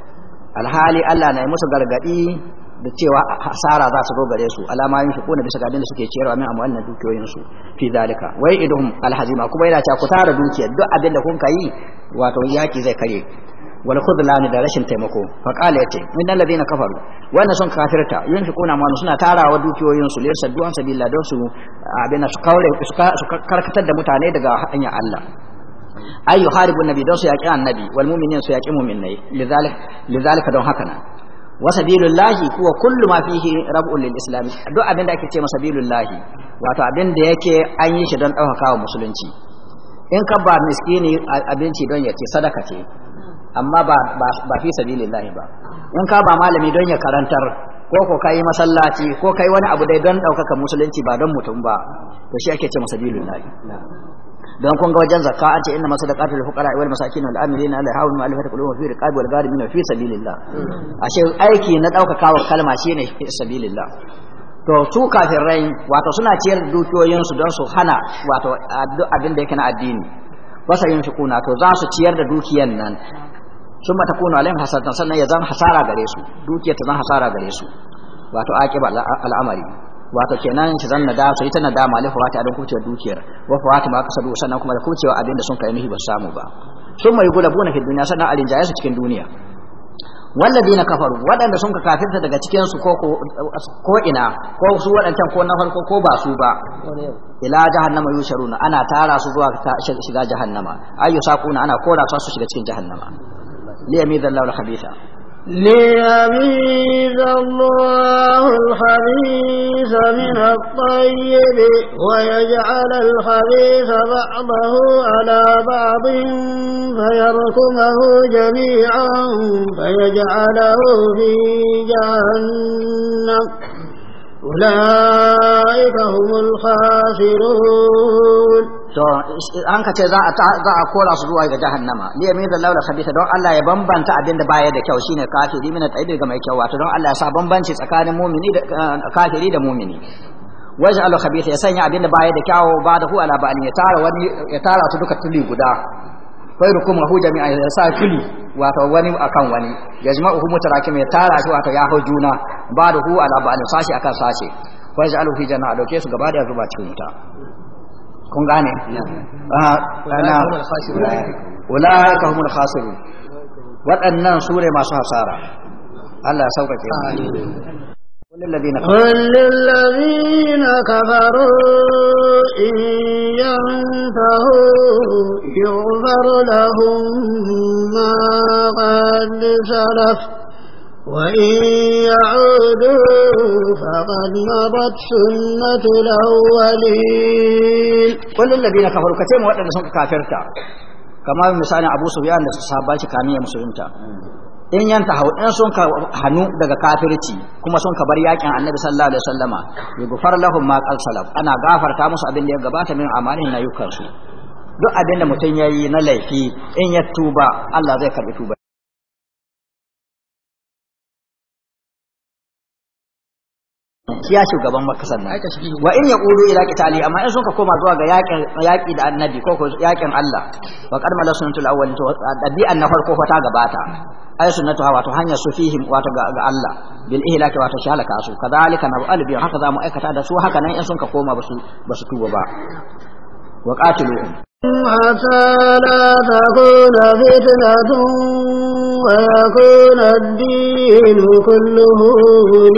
alhali Allah na yi musu gargadi da cewa hasara za su zo su alama yin shukuna bisa gadin da suke ciyarwa min amma wannan dukiyoyin su fi zalika wai idhum alhazima kuma yana cewa ku tara dukiya duk abin da kun kai wato yaki zai kare wal khudlan da rashin taimako fa qala yace min alladhina kafaru wannan sun kafirta yunfiquna ma suna tarawa dukiyoyin su lirsa duwan sabila don su abin su kaure su karkatar da mutane daga hanyar Allah ay yuharibu nabi don su yaqi annabi wal mu'minin su yaqi mu'minai lidhalik lidhalika don haka nan wa sabilullahi huwa kullu ma fihi rab'un lil islam duk abin da ake ce masa sabilullahi wato abin da yake an yi shi don ɗaukaka musulunci in ka ba miskini abinci don ya ce sadaka ce amma ba fi sabilillahi ba in ka ba malami don ya karantar ko ko kai masallaci ko kai wani abu dai don ɗaukaka musulunci ba don mutum ba to shi ake ce masabilillahi don kun ga wajen zakka an ce inna masadaqatu lil fuqara wal masakin wal amilin ala hawl ma alfat qulubum fi riqab wal gharimin fi sabilillah ashe aiki na ɗaukaka wa kalma shine fi sabilillah to su kafirai wato suna ciyar dukiyoyinsu don su hana wato abin da yake na addini wasa yin shukuna to za su ciyar da dukiyan nan summa takunu alaihim hasanatan sannan ya zan hasara gare su dukiya ta zan hasara gare su wato aqiba al'amari wato kenan ta zan nada su ita nada mali fa ta don kucewa dukiyar wa fa ma kasadu sannan kuma da kucewa abinda sun kai nuhi ba samu ba Sun summa yughlabuna fi dunya sannan alinjaye su cikin duniya walladina kafaru waɗanda sun ka kafirta daga cikin su ko ina ko su waɗancan ko na farko ko ba su ba ila jahannama yusharuna ana tara su zuwa shiga jahannama ayyu saquna ana kora su shiga cikin jahannama ليميز الله الخبيث ليميز الله الخبيث من الطيب ويجعل الخبيث بعضه على بعض فيركمه جميعا فيجعله في جهنم أولئك هم الخاسرون to an ka ce za a za a kora su zuwa ga jahannama ni ya da laula khabitha don Allah ya bambanta abinda baya da kyau shine kafiri mina tayyib ga mai kyau wato don Allah ya sa bambanci tsakanin mu'mini da eh, kafiri da mu'mini waj'al khabitha ya sanya abinda baya da kyau ba da hu ala ba'in ya tara wani ya tara su duka tuli guda kai rukum hu jami'a ya sa tuli wato wani akan wani yajma'uhu mutarakim ya tara su wato ya hu juna ba da hu ala ba'in sashi akan sashi waj'alu fi jana'a dauke su gaba da zuba cikin wuta kun gane ula'ika humul khasirun waɗannan su ne masu hasara Allah ya sauƙaƙe قل للذين كفروا إن ينتهوا يغفر لهم ما قد سلف وإن يعودوا فقد مضت سنة الأولين كل الذين كفروا كتير وقت سنك كافرتا كما مثال أبو سفيان صحابة كامية مسلمتا in yanta hau in sun ka hannu daga kafirci kuma sun ka bar yakin annabi sallallahu alaihi wasallama yughfar lahum ma qad salaf ana gafarta musu abin da ya gabata min amalihin na yukansu duk abin da mutum yayi na laifi in ya tuba Allah zai karbi tuba kiya shugaban makasar nan wa in yaqulu ila qitali amma in suka koma zuwa ga yakin yaki da annabi ko yakin Allah wa qad mala sunnatul awwal to dabi'an na farko fata gabata ay sunnatu hawa to hanya su fihim wato ga Allah bil ihlak wa ta shalaka su kadhalika na albi haka za mu aikata da su haka nan in suka koma basu basu tuba ba wa qatiluhum hatta la takuna fitnatun ويكون الدين كله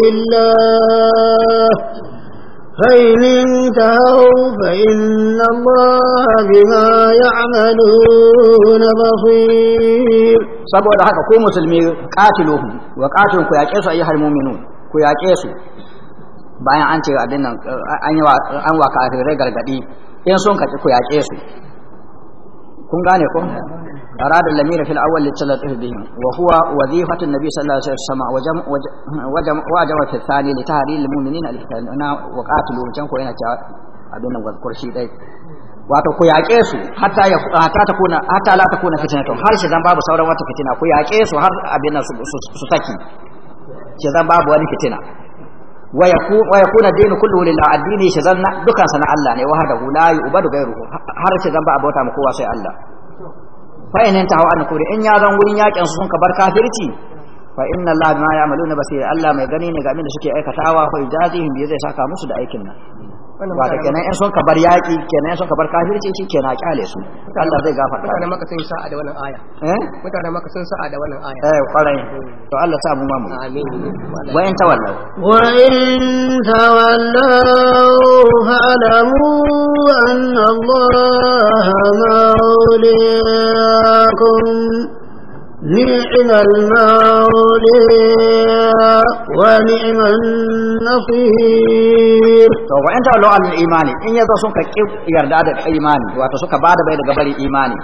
لله فإن انتهوا فإن الله بما يعملون بصير saboda haka ko musulmi qatiluhum wa qatilun ku yaƙe su ayyuhal mu'minun ku bayan an ce abin nan an yi an wa kafirai gargadi in sun kaci ku yaƙe su kun gane ko أراد الذين في الأول للتلطف بهم وهو وظيفة النبي صلى الله عليه وسلم وجم وجم وجم في الثاني لتهريل المؤمنين أنا وقاتلوا جنكو هنا أبين شيء ذلك wato ku hatta ya ta kuna hatta la har shi sauran wata fitina ku har abin su saki shi wani fitina wa yakuna dinu kullu lillahi addini shi zan dukan Allah ne wahdahu la yu'badu ghayruhu har ba abota mu kowa sai Allah fa in ta an kuri in ya zan wurin yakin su sun ka bar kafirci fa inna allaha bima ya'maluna basir allah mai gani ne ga abin da suke aikatawa fa yajazihim bi zai saka musu da aikin nan wata kenan yan son kabar yaƙi kenan yan son kabar kafirci shi kenan kyale su Allah zai gafarta mutane maka sun sa'a da wannan aya eh mutane maka sun sa'a da wannan aya eh kwarai to Allah sa mu mamu amin wa in tawallau wa in tawallau fa'lamu anna Allah mawliyakum نعم المولى ونعم النصير to wa in tawallu al imani in yazo sun ka ki yarda da imani wato suka bada bai daga bari imani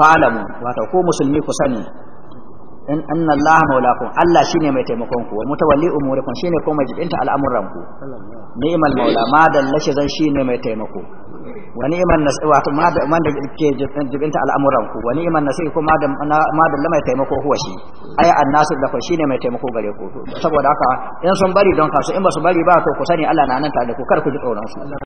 falamu wato ko musulmi ku sani in anna allaha maulakum allah shine mai taimakon ku wa mutawalli umurikum shine ko mai jibinta al'amuran ku ni'mal maula ma dallashi zan shine mai taimako Wani iman wato man da ke jibinta al'amuran ku wani ni'man ko kuma da ma da lamai taimako huwa shi ai annasu da ku shine mai taimako gare ku saboda haka in sun bari don kasu in ba su bari ba to ku sani Allah na nan tare da ku kar ku ji tsoron su